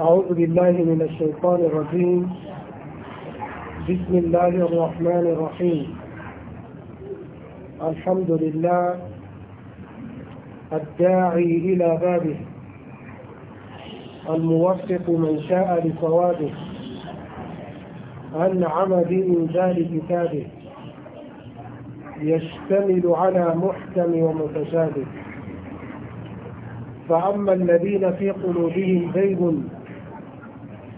أعوذ بالله من الشيطان الرجيم بسم الله الرحمن الرحيم الحمد لله الداعي إلى بابه الموفق من شاء لصوابه أنعم بإنزال كتابه يشتمل على محكم ومتشابه فأما الذين في قلوبهم زيغ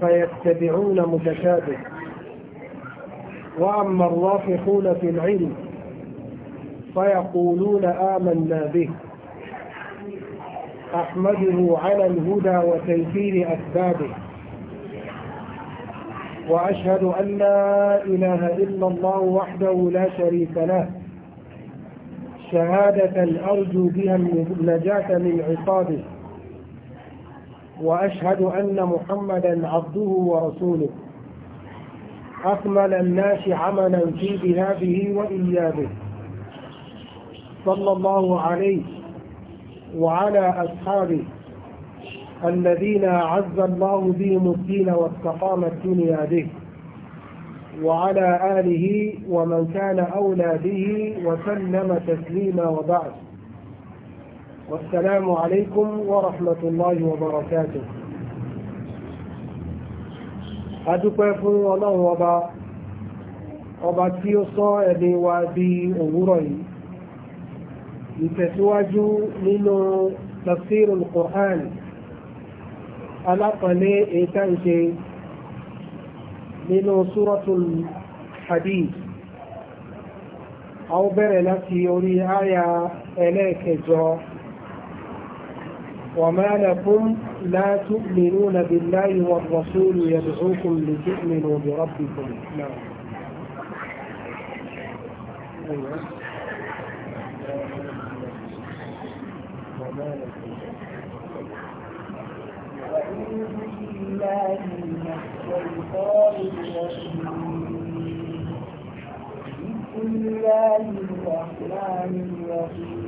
فيتبعون متشابه وأما الرافقون في العلم فيقولون آمنا به أحمده على الهدى وتيسير أسبابه وأشهد أن لا إله إلا الله وحده لا شريك له شهادة أرجو بها النجاة من عقابه وأشهد أن محمدا عبده ورسوله أكمل الناس عملا في ذهابه وإيابه صلى الله عليه وعلى أصحابه الذين أعز الله بهم الدين واستقام الدنيا به وعلى آله ومن كان أولى به وسلم تسليما وبعد والسلام عليكم ورحمة الله وبركاته adúpẹ́ fún ọlọ́run ọba ọba tí ó sọ ẹ̀mí wa di òwúrọ̀ yìí ìtẹ̀síwájú nínú tafsir al-Qur'an alápọ̀lé ètàǹṣe nínú suratul hadid a ó bẹ̀rẹ̀ láti orí àyà ẹlẹ́ẹ̀kẹjọ وما لكم لا تؤمنون بالله والرسول يدعوكم لتؤمنوا بربكم نعم أيوة. وما لكم وأعوذ بالله من الشيطان الرجيم بسم الله الرحمن الرحيم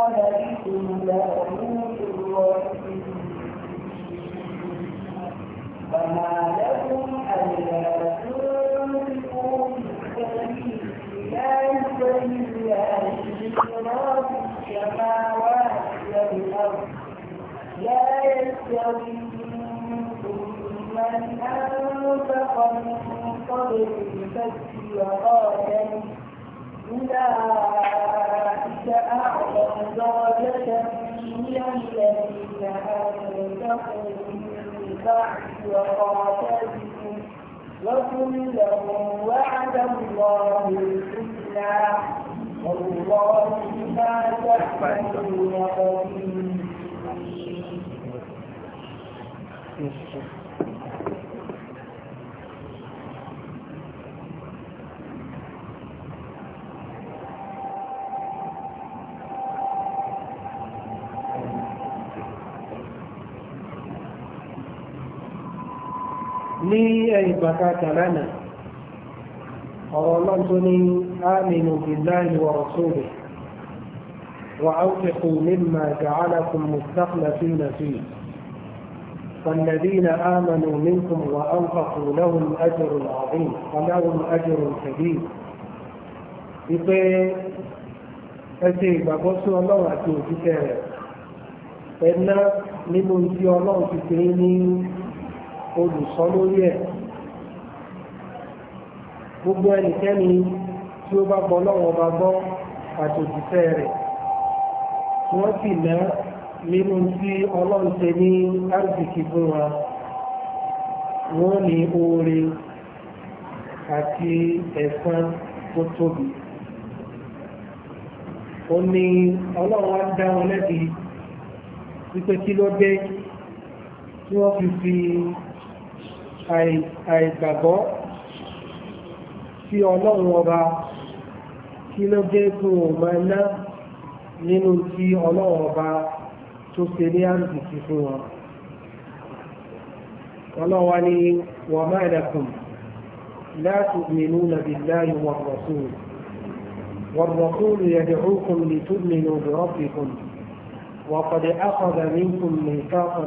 قال بكم لأموت فما لكم ألا تنفقوا في سبيل الله فلله إشراف السماوات والأرض لا يستوي منكم من أنفق من قبل الفتح وقاتل أولئك أنت أعظم درجة من الذين أنفقوا من بعد وقاتلهم وكلهم وعد الله الحسنى والله بما تعملون قدير ní ẹ̀yìn bàtàkà lánàá ọ̀rọ̀ ọlọ́run tó ní ámìnú billahi wa rasulihi وأنفقوا مما جعلكم مستخلفين فيه فالذين آمنوا منكم وأنفقوا لهم أجر عظيم ولهم أجر كبير ìpè ẹsẹ̀ ìgbàgbọ́ sí ọlọ́run àti òjíṣẹ́ rẹ̀ ẹ̀ná nínú ibi ọlọ́run olùsọ lórí ẹ̀ gbogbo ẹnikẹ́ni tí ó bá gbọ́ lọ́wọ́ bá gbọ́ àtòjíṣẹ́ rẹ̀ wọ́n sì ná nínú tí ọlọ́run ṣe ní árbìkì fún wa wọ́n ní oore àti ẹ̀san tó tóbi ó ní ọlọ́run á dá wọn lẹ́bi wípé kí ló dé tí wọ́n fi fi àìgbàgbọ́ tí ọlọ́run ọba kí ló dé tó o máa ná nínú tí ọlọ́run ọba tó ṣe ní àǹtìkì fún wọn. ọlọ́wà ni wọ́n máa dàkùn láti mìnú nàbí láyé wọ́n rọ̀ fún un. والرسول يدعوكم لتؤمنوا بربكم وقد أخذ منكم ميثاقا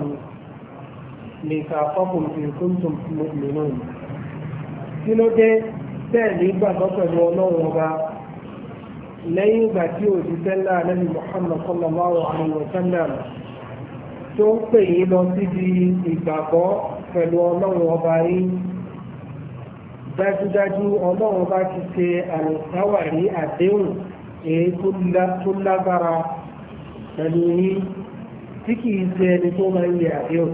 ميثاقكم إن كنتم مؤمنون kí ló dé bẹ́ẹ̀ ní gbàgbọ́ pẹ̀lú ọlọ́run ọba lẹ́yìn ìgbà tí òṣìṣẹ́ ńlá ànábì Muhammad sallallahu alaihi wa sallam tó ń pè yín lọ síbi ìgbàgbọ́ pẹ̀lú ọlọ́run ọba yín dájúdájú ọlọ́run ọba ti ṣe àlùkáwárí àdéhùn èyí tó lágbára pẹ̀lú yín tí kìí ṣe ẹni tó máa ń yẹ àdéhùn.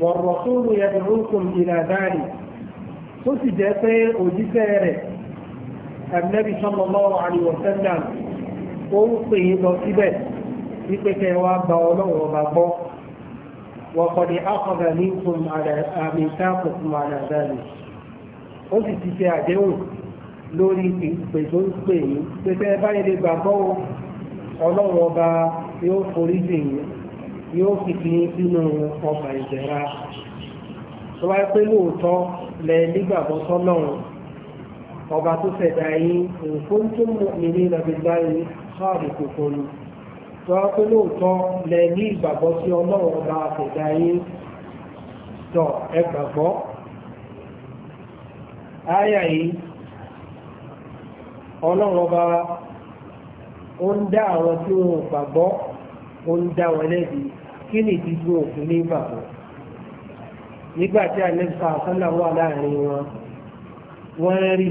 والرسول يدعوكم إلى ذلك فسجت أجسر النبي صلى الله عليه وسلم أوصي نصيبه بكي وابا ولو وبابا وقد أخذ منكم على ميثاقكم على ذلك أجسر أدعوكم lórí ìpè tó ń pè yín pé tẹ́ báyìí lè gbàgbọ́ ọlọ́run ọba yóò forí jìn yín yóò fi fi sínú ọgbà ìjẹra tó wáyé pé lóòótọ́ lẹ nígbàgbọ́ sọ́lọ́run ọba tó ṣẹ̀dá yín nǹkan tó mú ìrìn ìrìnàbí báyìí káàdì kòkó ni tó wáyé pé lóòótọ́ lẹ ní ìgbàgbọ́ sí ọlọ́run ọba ṣẹ̀dá yín tọ̀ ẹ gbàgbọ́. áyà yìí ọlọ́run ọba ó ń dá àwọn tí wọn ò gbàgbọ́ ó ń dá wọn lẹ́bi kí ni ìdíjú òfin ní ìgbàgbọ́ nígbà tí àlẹ́sà àsánà wà láàrin wọn wọ́n rí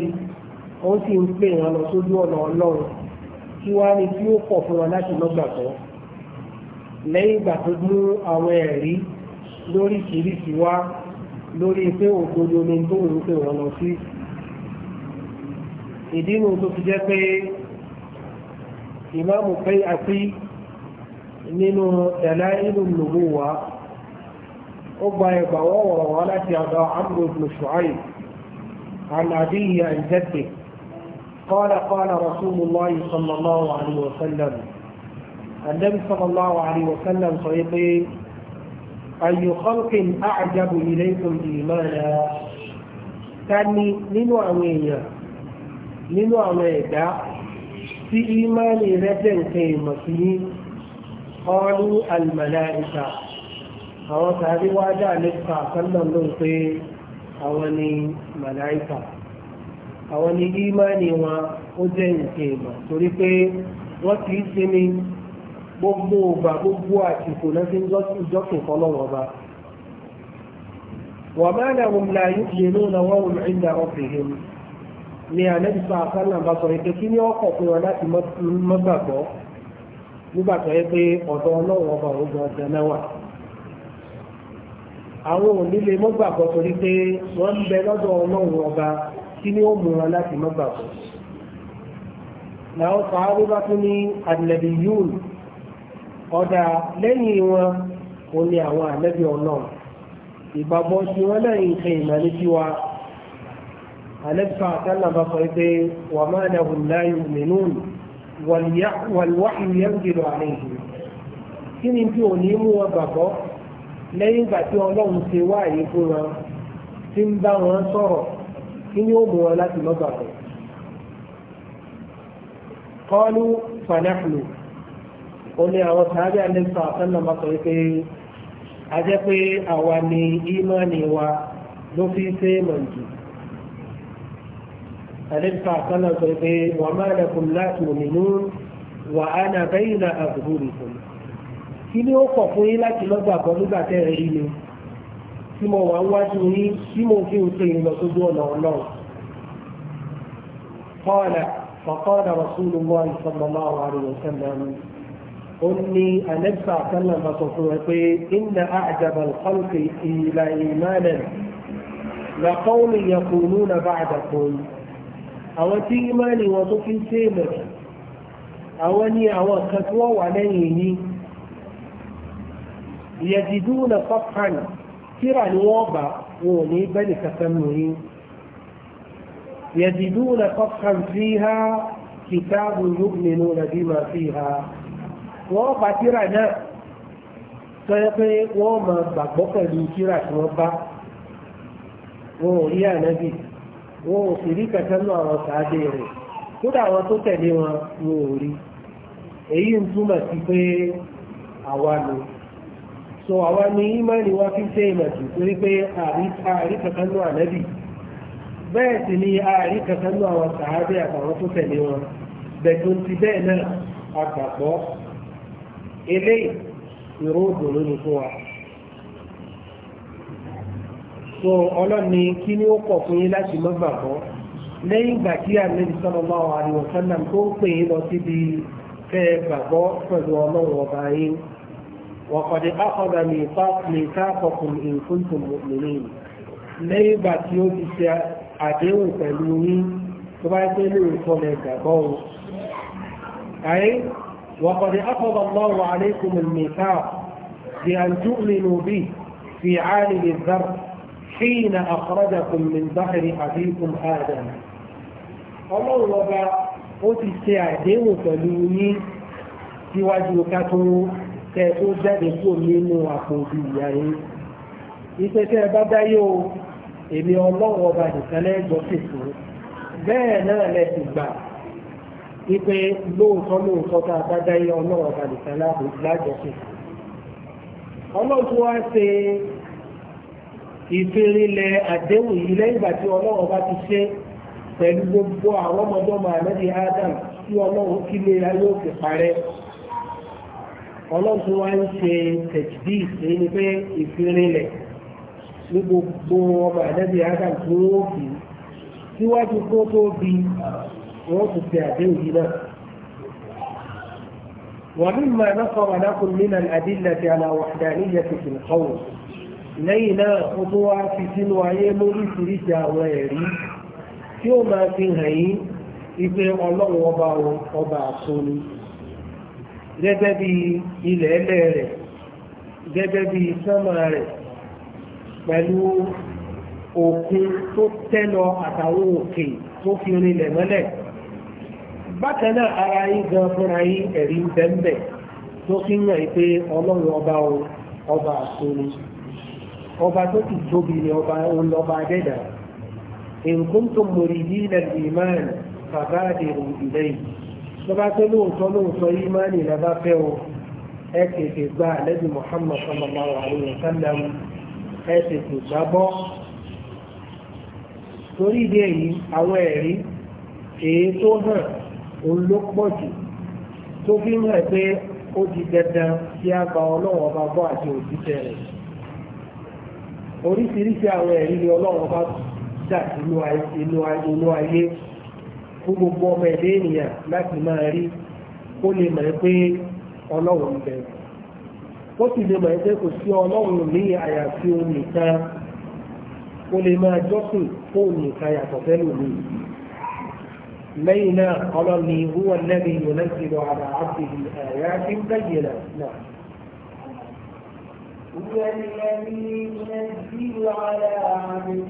wọ́n sì ń pè wọn lọ sójú ọ̀nà ọlọ́run kí wá ní tí ó pọ̀ fún wọn láti lọ́gbàgbọ́ lẹ́yìn ìgbà tó mú àwọn ẹ̀rí lóríṣiríṣi wá lórí pé òdodo ni tó ń pè wọn lọ sí ìdí nu tó fi jẹ́ pé ìmáàmù pé àti nínú dalailun nubuwa ọba gba ẹgbà wọ́wọ́ wọ́n láti ọ̀dọ̀ amru ibn shu'aib an abiyi an jaddi qala qala rasulullah sallallahu alaihi الله عليه وسلم النبي صلى الله عليه وسلم صيقي أي خلق أعجب إليكم إيمانا ثاني من وعوية من وعوية tí ìmáàlì rẹ̀ jẹ́ nǹkan ìmọ̀ kọ́ọ̀lù àlùmọ̀láìka àwọn tàbí wá dà nípa kọ́lọ̀ ló ń pé àwọn ni màláìka àwọn ni ìmánì wọn ó jẹ́ nǹkan ìmọ̀ torí pé wọ́n ti ń sinmi gbogbo ògbà gbogbo àsìkò náà ti ń jọ́sìn fọlọ́wọ́ ba. وما لهم لا يؤمنون وهم عند ربهم ni ànábì sọ àkànnà bá sọ ìpè kí ni ọkọ̀ pé wọn láti mọ́gbàgbọ́ nígbà tó yẹ pé ọ̀dọ̀ ọlọ́run ọba ògùn ọ̀sẹ̀ mẹ́wà àwọn onílé mọ́gbàgbọ́ torí pé wọ́n ń bẹ lọ́dọ̀ ọlọ́run ọba kí ni ó mú wọn láti mọ́gbàgbọ́ làwọn sàárè bá tún ní àdìlẹ́bí yún ọ̀dà lẹ́yìn wọn ò ní àwọn àlẹ́bí ọlọ́run ìgbàgbọ́ tí wọ́n lẹ́yìn ṣe ìmọ̀lẹ́ sí wa àlẹ́bí sàtẹ́lá bá sọ pé wàmọ́ ẹ̀dẹ̀hùn láyé mìíràn wàlúwàhì yẹ́ngìlò àlejò kí ni bí òní mú wọn gbàgbọ́ lẹ́yìn ìgbà tí ọlọ́run ṣe wá àyè fún wọn tí ń bá wọn sọ̀rọ̀ kí ni ó mú wọn láti lọ́ gbàgbọ́. kọ́lù fanáfìlù ó ní àwọn sàárẹ̀ àlẹ́sọ̀ àtàlà máa sọ pé a jẹ́ pé àwa ni ìmọ̀ ni wa ló fi ṣe é mọ̀ jù àlẹ́bíkà àtàlà sọ pé wà máa lẹ́kùn láti òmìnú wà á nà bẹ́yìn náà àbúrò nìkan kí ni ó kọ̀ fún yín láti lọ́gbà kan nígbà tẹ́ ẹ rí mi tí mo wà ń wájú yín tí mo fi ń pe ìlọ sójú ọ̀nà ọlọ́run kọ́ọ̀lá fọ̀kọ́ọ̀lá rasulullah sallallahu alaihi wasallam ó ní anẹ́bíkà àtàlà máa sọ fún ẹ pé inna a'jaba al-khalqi ila imanan la qawmin yaquluna ba'da qawmin àwọn tí ìmáàlì wọn tó fi ń ṣe ìmọ̀tì àwọn ni àwọn kan tí wọ́n wà lẹ́yìn ní ìyẹ̀dìdú na fọ́kàn tíra ni wọ́n bá wọn ò ní bẹ́ẹ̀ kankan nù yín ìyẹ̀dìdú na fọ́kàn sí ha kìtàbù yóò nínú nàbí máa fi ha wọ́n bá tíra náà tó yẹ pé wọ́n máa gbàgbọ́ pẹ̀lú tíra tí wọ́n bá wọn ò rí ànábì. wọn ò sì rí kankan náà àwọn sàádé rẹ̀ kódà àwọn tó tẹ̀lé wọn wọn ò èyí ń sí so àwa ni ìmọ̀ni wá fi ṣe ìmọ̀jù torí pé àrí kankan náà bẹ́ẹ̀ sì ni àrí kankan àwọn sàádé àtàwọn tó tẹ̀lé wọn bẹ̀tún ti bẹ́ẹ̀ náà àgbàgbọ́ eléyìí ìró òdòdó so ọlọ́ni kí ni ó pọ̀ fún yín láti mọ́ gbàgbọ́ lẹ́yìn ìgbà tí àlejò sallallahu alaihi wasallam tó ń pè é lọ síbi fẹ́ gbàgbọ́ pẹ̀lú ọlọ́run ọba yín وقد أخذ ميثاقكم إن كنتم مؤمنين lẹ́yìn ìgbà tí ó ti ṣe àdéhùn pẹ̀lú yín tó bá pé ní ìkọlẹ̀ ìgbàgbọ́ o. ayé وقد أخذ الله عليكم الميثاق بأن تؤمنوا به في عالم الذر حين أخرجكم من بحر أبيكم آدم ọlọ́run ọba ó ti ṣe àdéhùn pẹ̀lú yín síwájú ká tó tẹ tó jáde kúrò nínú àpòjù ìyá yín ipe tẹ bá dáyé o èmi ọlọ́run ọba nìkan lẹ́jọ́ fèsì bẹ́ẹ̀ náà lẹ́sìn gbà ipe lóòótọ́ lóòótọ́ tá a bá dáyé ọlọ́run ọba nìkan lájọ́ fèsì ọlọ́run tó wá ṣe ìfìrìnlẹ̀ àdéhùn yìí lẹ́yìn ìgbà tí ọlọ́run bá ti ṣe pẹ̀lú gbogbo àwọn ọmọdé ọmọ àlẹ́bí Adam tí ọlọ́run kí lè ra yóò fi parẹ́ ọlọ́run tó wá ń ṣe tẹ̀jìdì èyí ni pé ìfìrìnlẹ̀ ní gbogbo ọmọ àlẹ́bí Adam tó wọ́n fi síwájú tó tó bi wọ́n ti ṣe àdéhùn yìí náà. ومما نصر لكم من الأدلة على وحدانية في القول lẹ́yìn náà ó tó wá fi sínú ayé lóríṣiríṣi àwọn ẹ̀rí tí ó máa fi hàn yín ipe ọlọ́run ọba ọba àsọni gẹ́gẹ́ bí ilẹ̀ ẹlẹ́ rẹ̀ gẹ́gẹ́ bí sánmà rẹ̀ pẹ̀lú òkun tó tẹ́lọ àtàwọn òkè tó fi rinlẹ̀ mọ́lẹ̀ bákan náà ara yín gan fúnra yín ẹ̀rí ń tó fi ń hàn pé ọba ọba àsọni. ọba tó ti tóbi ni ọba ọlọ́ba adẹ́dà in kuntum muridina al-iman fabadiru ilayhi lọ́ba tó lóòótọ́ lóòótọ́ ìmánì lọ́ba fẹ́ o ẹ tètè gba àlẹ́bí Muhammad sallallahu alayhi wa sallam ẹ tètè gbàgbọ́ torí ìdí èyí àwọn ẹ̀rí èyí tó hàn òun ló pọ̀ jù tó fi ń hàn pé ó di dandan kí a gba ọlọ́wọ́ ọba gbọ́ àti òjíṣẹ́ rẹ̀. oríṣiríṣi àwọn ẹ̀rí ni ọlọ́run bá dà inú ayé fún gbogbo ọmọ ẹ̀dẹ́ ènìyàn láti máa rí kó lè mọ̀ pé ọlọ́run ń ó sì lè mọ̀ pé kò sí ọlọ́run ní àyàfi òun nìkan kó lè máa jọ́sìn fóun nìkan yàtọ̀ fẹ́lú mi lẹ́yìn náà ọlọ́run ni huwa alladhi yunazzilu ala abdihi ayatin náà. هو الذي ينزل على عبده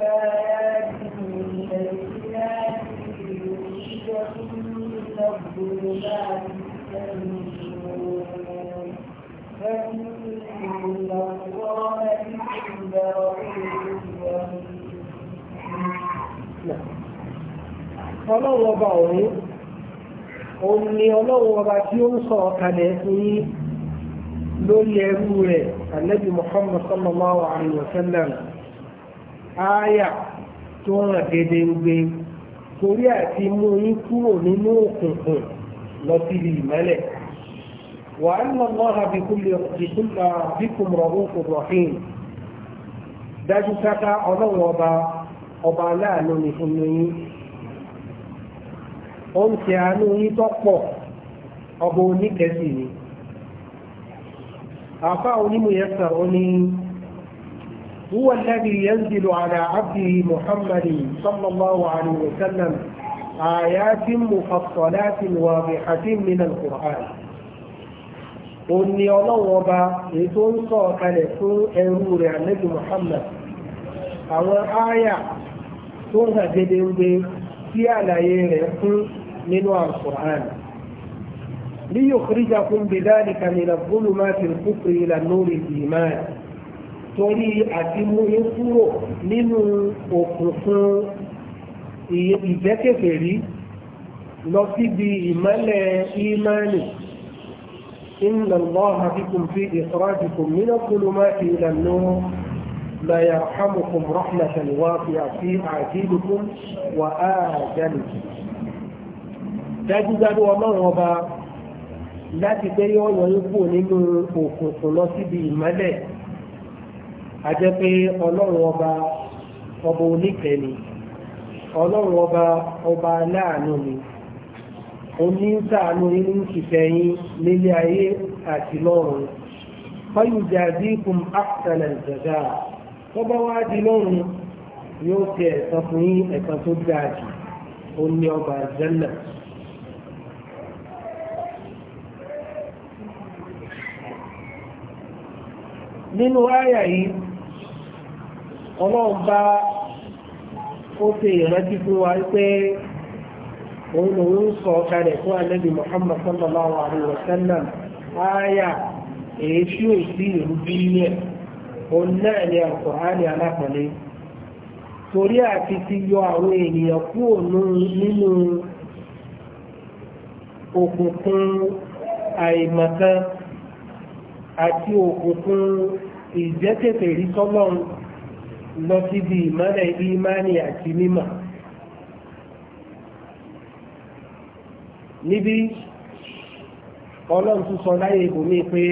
آيات بينات ليخرجكم من الظلمات فإن الله عند ọlọ́run ọba ọ̀run òun ni ọlọ́run ọba tí ó ń sọ ọ̀kalẹ̀ fún yín lórí ẹrú rẹ̀ anabi muhammad sallallahu alayhi wa sallam aya tó hàn gédéńgbé torí àti mú yín kúrò nínú òkùnkùn lọ síbi ìmọ́lẹ̀. وأن الله بكل بكل بكم رؤوف رحيم dájú sáká ọlọ́run ọba ọba aláàánú ni fún yín ó ń ṣe àánú yín tó ọba ni àfá onímọ̀ yẹn sàn ó ní هو الذي ينزل على عبده محمد صلى الله عليه وسلم آيات مفصلات واضحة من القرآن òní ọlọ́wọ́ ọba èyí tó ń sọ ọ̀kalẹ̀ fún ẹrú rẹ̀ ànábì Muhammad àwọn ááyà tó ń hàn gédéńgbé tí àlàyé rẹ̀ fún nínú al ليخرجكم بذلك من الظلمات الكفر إلى النور الإيمان torí àti mú yín kúrò nínú òkùnkùn ìjẹ́kẹ̀fẹ̀rí lọ síbi ìmọ́lẹ̀ ìmánì inna allaha bikum fi ikhrajikum min adh-dhulumati ila an-nur la yarhamukum rahmatan wasi'atan fi ajilukum wa ajalukum dájúdájú ọlọ́run láti pé yọ ọ̀nà ipò nínú òkùnkùn lọ síbi ìmọ́lẹ̀ àjẹ́ pé ọlọ́run ọba ọba oníkẹ́ ni ọlọ́run ọba ọba aláàánú ni òní ń sàánú nínú ìfẹ́ yín nílé ayé àti lọ́run fọ́yùjà dínkù àkùtàlẹ̀ ìjọba tó bá wá di lọ́run yóò ti ẹ̀san fún yín ẹ̀san tó dáa jù ó ní ọba àjẹ́lẹ̀. nínú àyà yìí ọlọ́run bá ó ṣe ìrántí fún wa pé òun lòun sọ kalẹ̀ fún Muhammad sallallahu alayhi wa àyà èyí tí ó torí àti ti yọ àwọn ènìyàn kúrò nínú òkùnkùn àìmọ̀kan àti òkùnkùn ìjẹ́kẹ̀kẹ̀ rí sọ́lọ́run lọ síbi ìmọ́lẹ̀ ìmánì àti mímọ̀ níbi ọlọ́run tún sọ láyé ìbòmí pé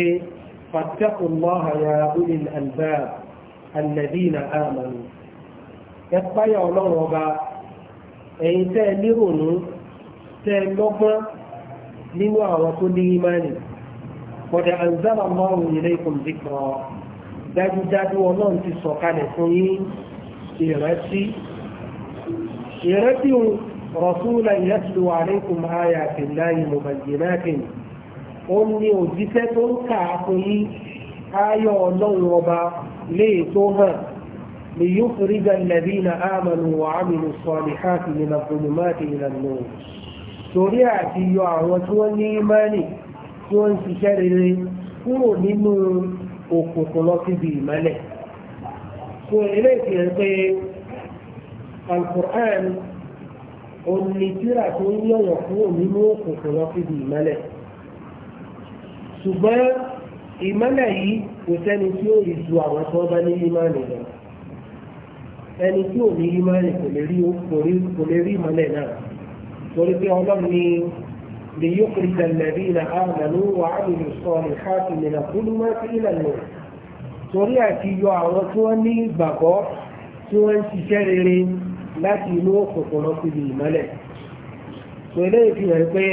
fattaqullaha ya ulil albab alladhina amanu ẹ páyà ọlọ́run ọba ẹ̀yin tẹ́ ẹ nírònú tẹ́ ẹ lọ́gbọ́n nínú àwọn tó ní ìmánì qad anzala Allahu ilaykum dhikra dájúdájú ọlọ́run ti sọ̀kalẹ̀ fún yín ìrántí ìrántí rọ̀túnlá ìyẹ́tìlú àríkùn àyà àtìláyìn mọ̀bàjìnáàkìn ó ní òjíṣẹ́ tó ń kà á fún yín ayọ̀ ọlọ́run ọba léè tó hàn ليخرج الذين آمنوا وعملوا الصالحات من الظلمات إلى النور torí àti yọ àwọn tí wọ́n ní ìmánì tí wọ́n ń ṣiṣẹ́ rere kúrò nínú òkùnkùn lọ síbi ìmọ́lẹ̀ so eléyìí fi hàn pé alukur'an onítìrà tó ń yọ̀yọ̀ kúrò nínú òkùnkùn lọ síbi ìmọ́lẹ̀ ṣùgbọ́n ìmọ́lẹ̀ yìí kò sẹ́ni tí ó rí ju àwọn tó bá ní ìmọ́lẹ̀ lọ ẹni tí ò ní ìmọ́lẹ̀ kò lè rí ìmọ́lẹ̀ náà torí pé ọlọ́run ní. ليخرج الذين آمنوا وعملوا الصالحات من الظلمات إلى النور torí àti yọ àwọn tí wọ́n ní ìgbàgbọ́ tí wọ́n ń ṣiṣẹ́ rere láti inú òkùnkùn lọ síbi ìmọ́lẹ̀ tó eléyìí fi pé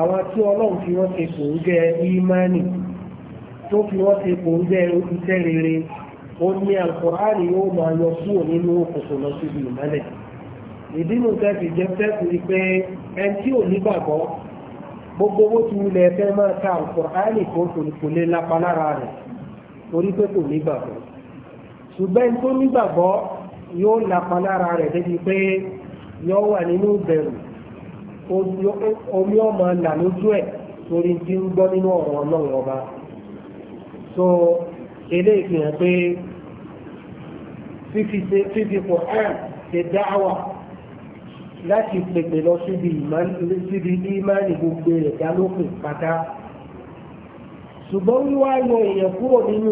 àwọn tí ọlọ́run fi wọ́n ṣe kò ń jẹ ìmánì tó fi wọ́n ṣe kò ń jẹ iṣẹ́ rere ó ní àkùránì yóò máa yọ kúrò nínú òkùnkùn lọ síbi ìmọ́lẹ̀ ìdí nu tẹ́sí jẹ́ tẹ́sí ni pé ẹni tí ò nígbàgbọ́ gbogbo owó tí ilẹ̀ fẹ́ máa ta Al-Kùránì kò kò lè lapa lára rẹ̀ torí pé kò nígbàgbọ́ ṣùgbọ́n ẹni tó nígbàgbọ́ yóò lapa lára rẹ̀ débi pé yóò wà nínú bẹ̀rù omi ọmọ là lójú ẹ̀ torí tí ń gbọ́ nínú ọ̀rọ̀ ọlọ́run ọba so eléyìí fi hàn pé fífi Kùránì ṣe dáwà láti pèpè lọ síbi ìmánì gbogbo ẹ̀dá lópin pátá ṣùgbọ́n wíwá yọ èèyàn kúrò nínú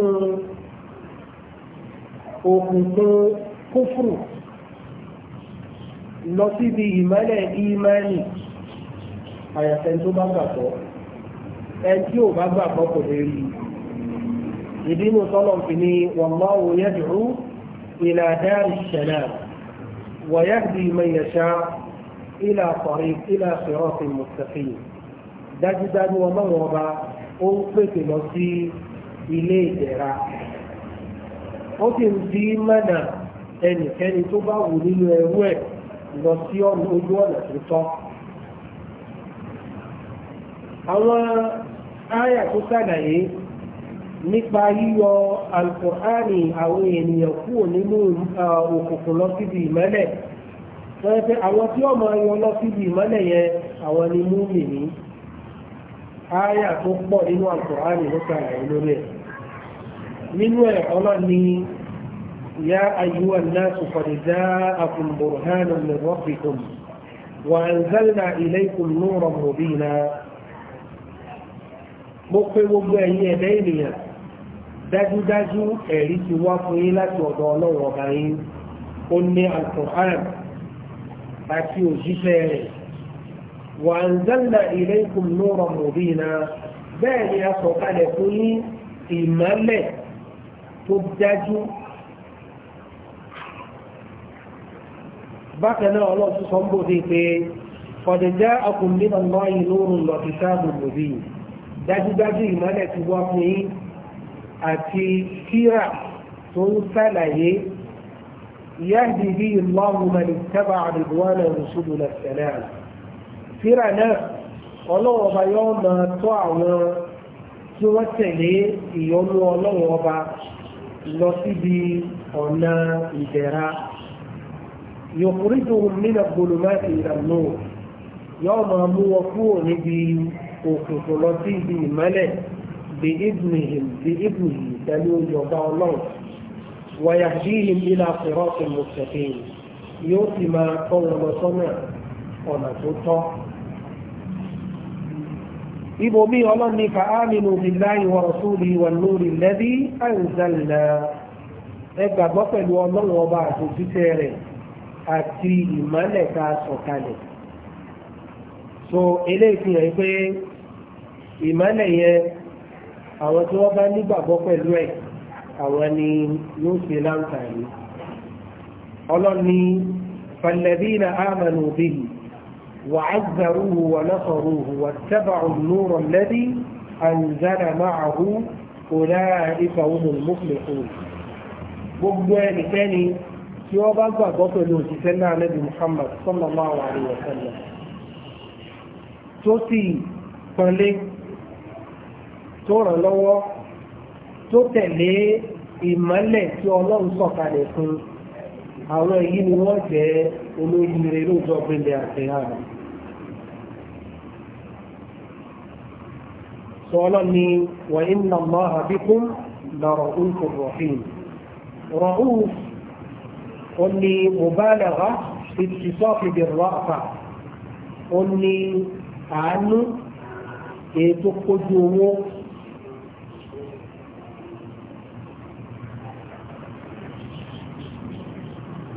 òkùnkùn kúfùrù lọ síbi ìmọ́lẹ̀ ìmánì àyàfẹ́ tó bá gbàgbọ́ ẹni tí ò bá gbàgbọ́ kò lè rí ìdí inú sọ́lọ̀ fi ni wallahu yad'u ila dari salam. ويهدي من يشاء إلى طريق إلى صراط مستقيم dájúdájú ọmọ wọn ọba ó ń pèsè lọ sí ilé ìdẹ̀ra ó sì ń fi mẹ́nà ẹnikẹ́ni tó bá wù nínú ẹrú ẹ̀ lọ sí ojú ọ̀nà tó tọ́ àwọn áyà tó ṣàlàyé nípa yíyọ alukur'ani àwọn ènìyàn kúrò nínú òkùnkùn lọ síbi ìmọ́lẹ̀ pẹ́ẹ́pẹ́ àwọn tí wọ́n máa yọ lọ síbi ìmọ́lẹ̀ yẹn àwọn ni mùmínì ááyà tó pọ̀ nínú alukur'ani ló ṣàlàyé lórí ẹ̀ nínú ẹ̀ ọlọ́ni ya ayyuhan nasu qad ja'akum burhanun min rabbikum wa anzalna ilaykum nuran mubina mo pe gbogbo ẹ̀yin ẹ̀dá ènìyàn dájúdájú ẹ̀rí ti wá fún yín láti ọ̀dọ̀ ọlọ́run ọba yín ó ní alkùnrin àti òjíṣẹ́ rẹ̀ wà ń zánà ilé ikùn lóra mòbínà bẹ́ẹ̀ ni a sọ̀kalẹ̀ fún yín ìmọ́lẹ̀ tó dájú bákan náà ọlọ́run sọ ń bòde pé ọ̀dẹ̀dá ọkùnrin náà lọ́yìn lórun lọ́kìtà mòbí dájúdájú ìmọ́lẹ̀ ti wá fún yín àti kíra tó ń sàlàyé yáàdì bí ìlọ́run mẹ́lì tẹ́bà àdìgbòwánà rùsùlù lẹ́sẹ̀lẹ́ kíra náà ọlọ́wọ́ ọba yóò máa tọ́ àwọn tí wọ́n tẹ̀lé ìyọnu ọlọ́wọ́ ọba lọ síbi ọ̀nà ìdẹ̀ra yọkùnrin nínú gbólómẹ́tì ìdàmú yóò máa mú wọn kúrò níbi òkùnkùn lọ sí ibi ìmọ́lẹ̀ bí ibnihim bí ibnihi pẹ̀lú ìjọba ọlọ́run wàyà bíhìm ilà sirati mustaqim yóò sì máa tọ́ wọn lọ sọ́nà ọ̀nà tó tọ́. ibo mi ọlọ́run ní fa aminu billahi wa rasulihi wan nuri alladhi anzalna ẹ gbàgbọ́ pẹ̀lú ọlọ́run ọba àti rẹ̀ àti ìmọ̀lẹ̀ ká sọ̀kalẹ̀. so eléyìí fi hàn pé ìmọ̀lẹ̀ yẹn àwọn tí wọ́n bá nígbàgbọ́ pẹ̀lú ẹ̀ àwọn ni yóò ṣe láǹfààní ọlọ́ni فالذين آمنوا به وعذروه ونصروه واتبعوا النور الذي أنزل معه أولئك هم المفلحون gbogbo ẹnikẹ́ni tí wọ́n bá gbàgbọ́ pẹ̀lú òṣìṣẹ́ náà lẹ́bi Muhammad sallallahu alaihi wa sallam tó sì pọ̀lé tó ràn lọ́wọ́ tó tẹ̀lé ìmọ́lẹ̀ tí ọlọ́run sọ̀kalẹ̀ fún àwọn èyí ni wọ́n jẹ́ olóyìnrere lóòjọ́ gbélé àtẹ̀yàrá. sọ́ọ́lọ́ ni wà inna Allaha bikum la ra'ufur rahim ra'uf ó ní mubalagha ìtìsọ́ọ̀fì bí rọ́ọ̀fà ó ní àánú ètò kojú owó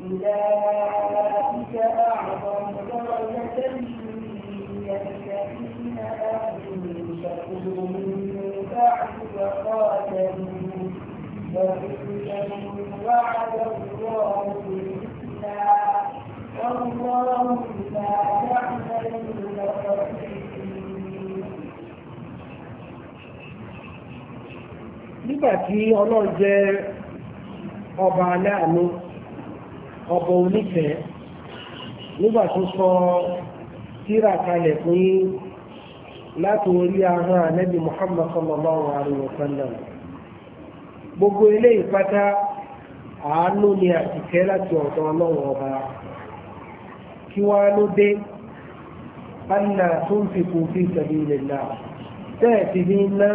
أولئك أعظم درجة من الذين أنشأوا من بعد وقاتلوا وكلا وعد الله الحسنى والله بما يعملون خبير nígbà tí ọlọ́run jẹ́ ọba aláàánú ọba onífẹ̀ẹ́ nígbà tó sọ tírà kalẹ̀ fún yín láti orí ahọ́n ànábì muhammad sallallahu alayhi wa sallam gbogbo eléyìí pátá àánú ni àtìkẹ́ láti ọ̀dọ̀ ọlọ́run ọba kí wọ́n á ló dé anna tún fi kún fi sabilillah bẹ́ẹ̀ ti ní ná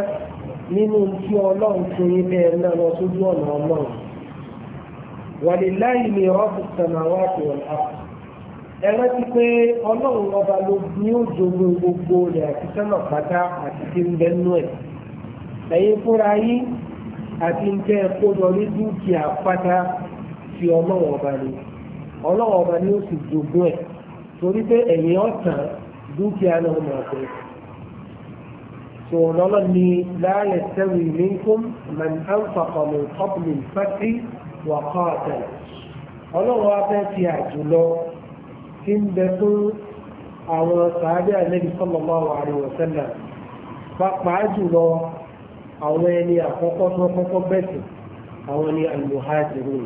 nínú tí ọlọ́run tún yín bẹ́ẹ̀ náà lọ sójú ọ̀nà ọlọ́run wàlíláyìí ni ọ̀rọ̀ sàmáwá àti ọ̀là. ẹ rántí pé ọlọ́run ọba ló ní òjòògùn gbogbo rẹ̀ àti sọ́nà pátá àti tí ń bẹ nú ẹ̀. ẹ̀yin fúnra yín àti ń tẹ́ kó lọ ní dúkìá pátá ti ọlọ́run ọba ni ọlọ́run ọba ni ó sì jogún ẹ̀ torí pé ẹ̀yin ọ̀tàn dúkìá náà máa bẹ̀. sọ̀rọ̀ ni láàyè sẹ́wìn minkum man anfaqa min qabli al wàkọ́ọ̀tẹ̀ ọlọ́run wa fẹ́ fi àjùlọ tí ń bẹ fún àwọn sàábẹ́ àlẹ́bí sallallahu alaihi wa sallam pàápàá jùlọ àwọn ẹni àkọ́kọ́ tó kọ́kọ́ bẹ̀sẹ̀ àwọn ni al-muhajirun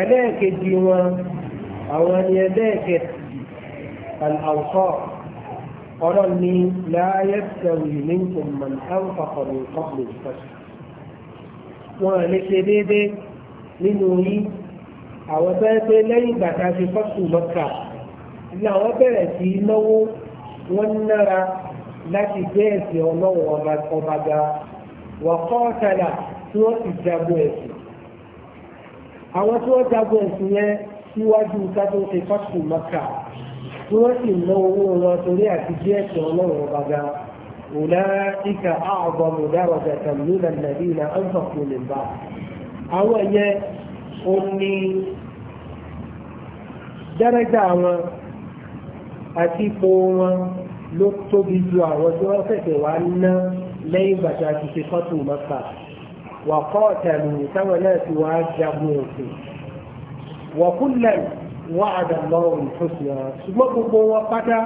ẹlẹ́ẹ̀kejì wọn àwọn ni ẹlẹ́ẹ̀kẹtì al-ansar ni la yastawi minkum man anfaqa min qabli al-fath wọn lè ṣe déédéé nínú yín àwọn bẹ́ẹ̀ pé lẹ́yìn ìgbà tá a ṣe fọ́tò mọ́kà làwọn bẹ̀rẹ̀ sí náwó wọ́n nára láti gbé ẹ̀sìn ọlọ́run ọba ga wà kọ́ ọ̀tàlà tí wọ́n sì jagun ẹ̀sìn. àwọn tí wọ́n jagun ẹ̀sìn yẹn síwájú ká tó ṣe fọ́tò tí wọ́n sì ná owó wọn torí àti gbé ẹ̀sìn ọlọ́run ọba ga. àwọn yẹn ò ní dẹ́rẹ́dà wọn àti ipò wọn ló tóbi ju àwọn tí wọ́n fẹ̀fẹ̀ wá ná lẹ́yìn bàtà ti ṣe fọ́tò mọ́ta wà kọ́ ọ̀tẹ̀lù táwọn náà ti wá jagun òfin wà kúlẹ̀ wọ́n àdàlọ́ ìfòsìnà ṣùgbọ́n gbogbo wọn pátá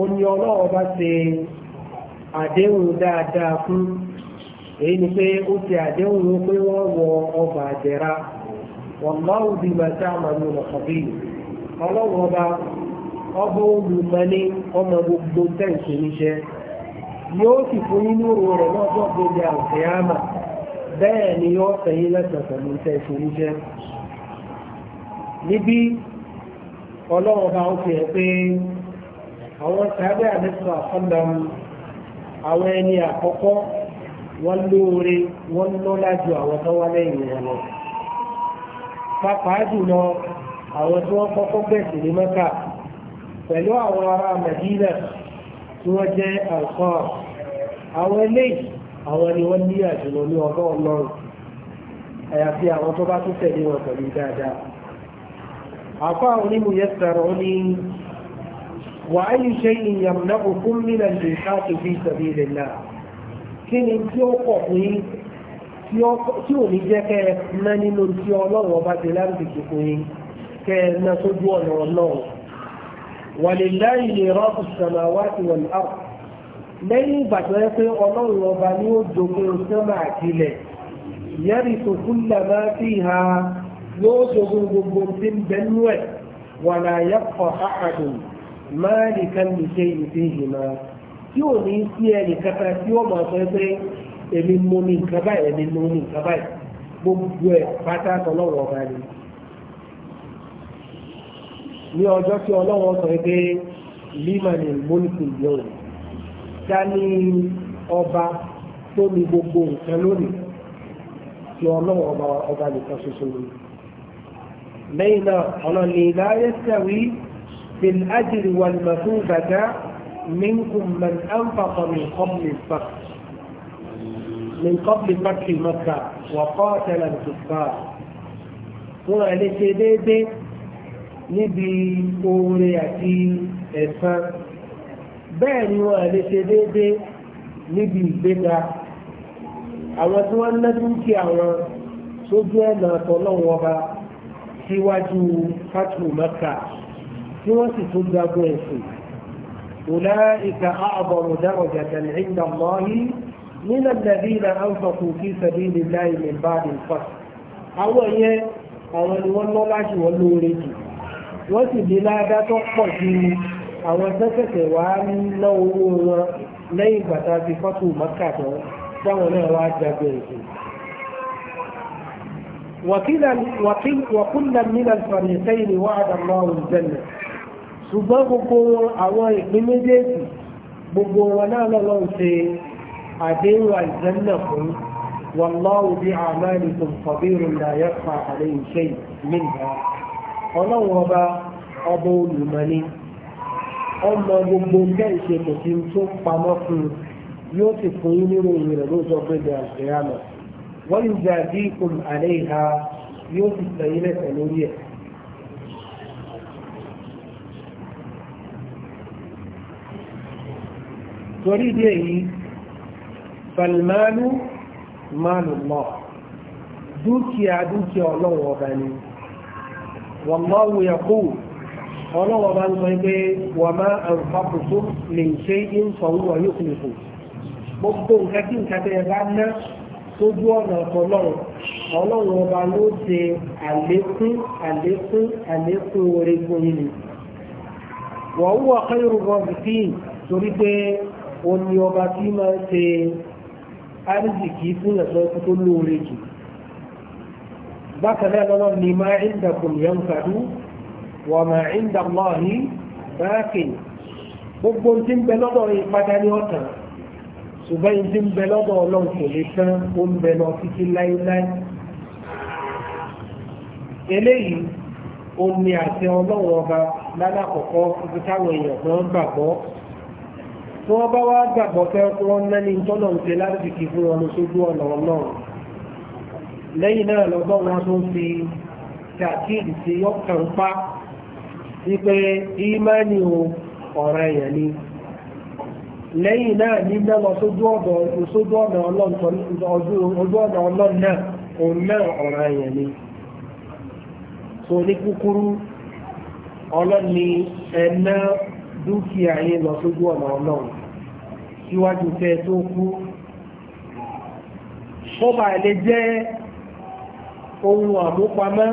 oní ọlọ́wọ́ bá ṣe àdéhùn dáadáa fún èyí ni pé ó ti àdéhùn wọn pé wọ́n wọ ọgbà àjẹrà wallahu bima ta'maluna khabir ọba ọba olùmọ̀ni ọmọ gbogbo tẹ̀sí níṣẹ́ ó sì fún nínú òru rẹ̀ lọ́jọ́ gbogbo àlùkìyámà bẹ́ẹ̀ ni yóò fẹ̀yìn lẹ́sẹ̀ pẹ̀lú tẹ̀sí níṣẹ́ níbí ọlọ́run ọba ó fi hàn pé àwọn sábẹ́ àdéṣọ àwọn ẹni àkọ́kọ́ wọ́n lóore wọ́n lọ́lá ju àwọn tó wá lẹ́yìn wọn lọ. pàápàá jùlọ àwọn tí wọ́n kọ́kọ́ gbẹ̀sìn ní mẹ́kà pẹ̀lú àwọn ará Mẹdínà tí wọ́n jẹ́ àǹkọ́ àwọn eléyìí àwọn ni wọ́n ní àjùlọ ní ọgọ́ ọlọ́run àyàfi àwọn tó bá tún tẹ̀lé wọn pẹ̀lú dáadáa. àkọ́ àwọn onímọ̀ sọ̀rọ̀ ó ní wàá yìí ṣe ìyàmùnáfò fún mílíọ̀nù ìṣáàtò fi sabilillah kí ni tí ó pọ̀ fún yín tí ò ní jẹ́ kẹ́ ẹ ná nínú tí ọlọ́run ọba ti láǹdìkì fún yín kẹ́ ẹ ná sójú ọ̀nà ọlọ́run wàlélàyé lè rọ́ọ̀kù sàmáwáàtì wal-ard lẹ́yìn ìgbà tó yẹ pé ọlọ́run ọba ní ó jogun sọ́mà àtìlẹ̀ yẹ́rì tó kúlẹ̀ máa fi ha yóò jogun gbogbo tí ń bẹ nú ẹ̀ wàlàyé kọ̀ àkàdùn máa nìkan nìṣe ìdíhìí máa tí ò ní sí ẹnì kankan tí wọ́n máa sọ pé èmi mo ní nǹkan báyìí èmi mo ní nǹkan báyìí gbogbo ẹ̀ pátá tọ́lọ́wọ́ ọba ni. ní ọjọ́ tí ọlọ́wọ́ sọ pé limani mọ́nìkì yọ̀ọ̀ ta ni ọba tó ní gbogbo nǹkan lónìí tí ọlọ́wọ́ ọba ọba nìkan ṣoṣo ni. lẹ́yìn náà ọ̀nà lè láyé sẹ́wí في الأجر والمثوبة منكم من أنفق من قبل الفتح من قبل فتح مكة وقاتل الكفار هنا لسيدي níbi oore àti ẹ̀san bẹ́ẹ̀ ni wọ́n lè ṣe déédé níbi ìgbéga àwọn tí wọ́n ná dúkìá àwọn sójú ẹ̀nà àtọ̀lọ́wọ́ ọba síwájú fatu maka tí wọ́n sì tún jagun ẹ̀sìn أولئك أعظم درجة عند الله من الذين أنفقوا في سبيل الله من بعد الفتح àwọn yẹn àwọn ni wọ́n lọ́lá jù wọ́n lóore jù wọ́n sì di ládá tó pọ̀ ju àwọn tẹ́tẹ̀tẹ̀ wá ná owó wọn lẹ́yìn ìgbà tá a fi fọ́tò mọ́kàtọ́ táwọn náà wá jagun ètò. وكلا من الفريقين وعد الله الجنة ṣùgbọ́n gbogbo wọn àwọn ìpín méjèèjì gbogbo wọn náà lọ́lọ́ ń ṣe àdéhùn àìsànnà fún bi a'malikum khabirun la yakhfa alayhi shay'un minha ọlọ́run ọba ọba olùmọ̀ni torí ìdí èyí falmalu malu lọ dúkìá dúkìá ọlọ́run ọba ni wallahu yaqul ọlọ́wọ́ bá ń sọ pé wà máa àǹfàkùtù lè ṣe ń sọ̀rọ̀ yóò fi fò gbogbo nǹkan tí nǹkan tẹ́ ẹ bá ná sójú ọ̀nà ọ̀tọ̀lọ́run ọlọ́run ọba ló ṣe àlékún àlékún àlékún orígun yìí wọ́n wú ọ̀kan yorùbá bìtì torí pé ó ní ọba tí máa ń ṣe arzikì fún ẹ̀sọ́ ẹ̀kú tó lóore jù bákan náà lọ́nà ni máa ń dàkùn yẹn kàdú wà máa ń dàmọ́ ní báàkì gbogbo tí ń bẹ lọ́dọ̀ ìpadà ní ọ̀tàn ṣùgbọ́n yìí tí ń bẹ lọ́dọ̀ ọlọ́run lè tán ó ń bẹ lọ títí láéláé eléyìí ó ní àṣẹ ọlọ́run ọba lálàkọ̀kọ́ ibi táwọn èèyàn kan gbàgbọ́ tí wọ́n bá wá gbàgbọ́ fẹ́ kí wọ́n ná ní tọ́lọ̀ ń ṣe láti kì fún wọn sójú ọ̀nà náà lẹ́yìn náà lọ́gbọ́n wọn tó ń fi tàkìlì sí yọkàn pa wípé ìmánì ọ̀rọ̀ èèyàn ni lẹ́yìn náà ní mẹ́lọ sójú ọ̀nà ọlọ́run náà òun náà ọ̀rọ̀ èèyàn ni so ní kúkúrú ọlọ́ni ẹ̀ná dúkìá yín lọ sójú ọ̀nà ọlọ́run síwájú fẹ́ tó kú kọ́ba lè jẹ́ ohun àmúpamọ́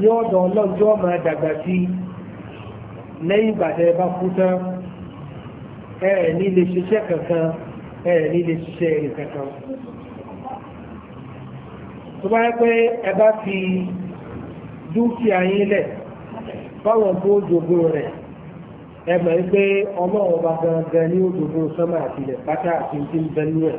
ní ọ̀dọ̀ ọlọ́jọ́ máa dàgbà sí lẹ́yìn ìgbà tẹ́ bá kú tán ẹ ní lè ṣiṣẹ́ kankan ẹ ní lè ṣiṣẹ́ èrè kankan tó bá yẹ pé ẹ bá fi dúkìá yín lẹ̀ báwọn tó jogún rẹ̀ ẹ mọ̀ ẹ́ pé ọlọ́run ọba gangan ní òdodo sọ́mà àtìlẹ̀ pátá àti ti ń bẹ nú ẹ̀.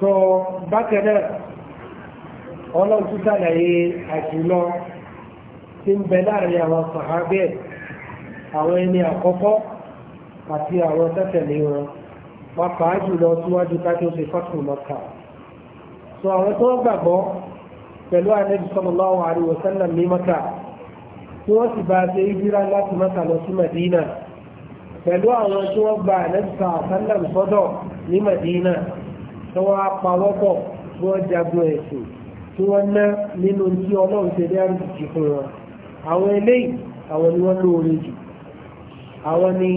sọ bákan náà ọlọ́run tún sàlàyé àjùlọ tí ń bẹ láàrin àwọn sàhábẹ́ àwọn ẹni àkọ́kọ́ àti àwọn tẹ́tẹ̀lé wọn pàápàá jùlọ síwájú kájọ ṣe fọ́tò mọ́ta so àwọn tó gbàgbọ́ pẹ̀lú ànábì sallallahu alaihi wasallam ní mọ́ta tí wọ́n sì bá ṣe ìdíra láti mọ́ta lọ sí Madina pẹ̀lú àwọn tí wọ́n gba ànábì sallam sọ́dọ̀ ní Madina tí wọ́n á pawọ́pọ̀ tí wọ́n jagun ẹ̀sìn tí wọ́n ná nínú tí ọlọ́run ṣe dé àrùn ni wọ́n lóore jù àwọn ni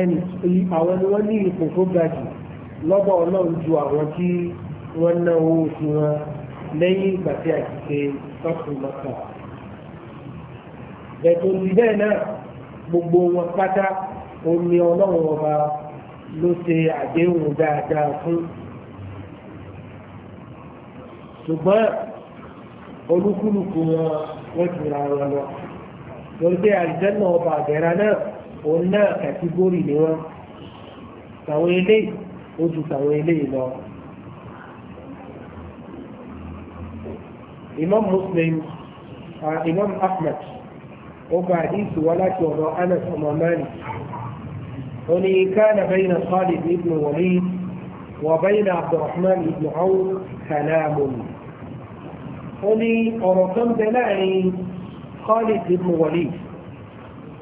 ẹni àwọn ni wọ́n ní ipò tó ga jù lọ́bọ̀ ọlọ́run ju àwọn tí wọ́n ná owó sí wọn lẹ́yìn ìgbà tí a ti ṣe sọ́kùn mọ́ta. ẹ̀tọ́ ti bẹ́ẹ̀ náà gbogbo wọn pátá omi ọlọ́run ọba ló ṣe àdéhùn dáadáa fún. ṣùgbọ́n olúkúlùkù wọn wọ́n ti ra wọn lọ. lórí pé àlùjànnà ọba àbẹ̀rẹ̀ náà òun náà kàtígórì ni wọ́n tàwọn eléyìí ó ju tàwọn eléyìí lọ. imam muslim uh, imam ahmed ó gba àdísù wá láti ọ̀dọ̀ anas ọmọ malik ó bayna khalid ibn walid وبين عبد الرحمن بن عوف كلام قولي أرقم دلاني خالد بن وليد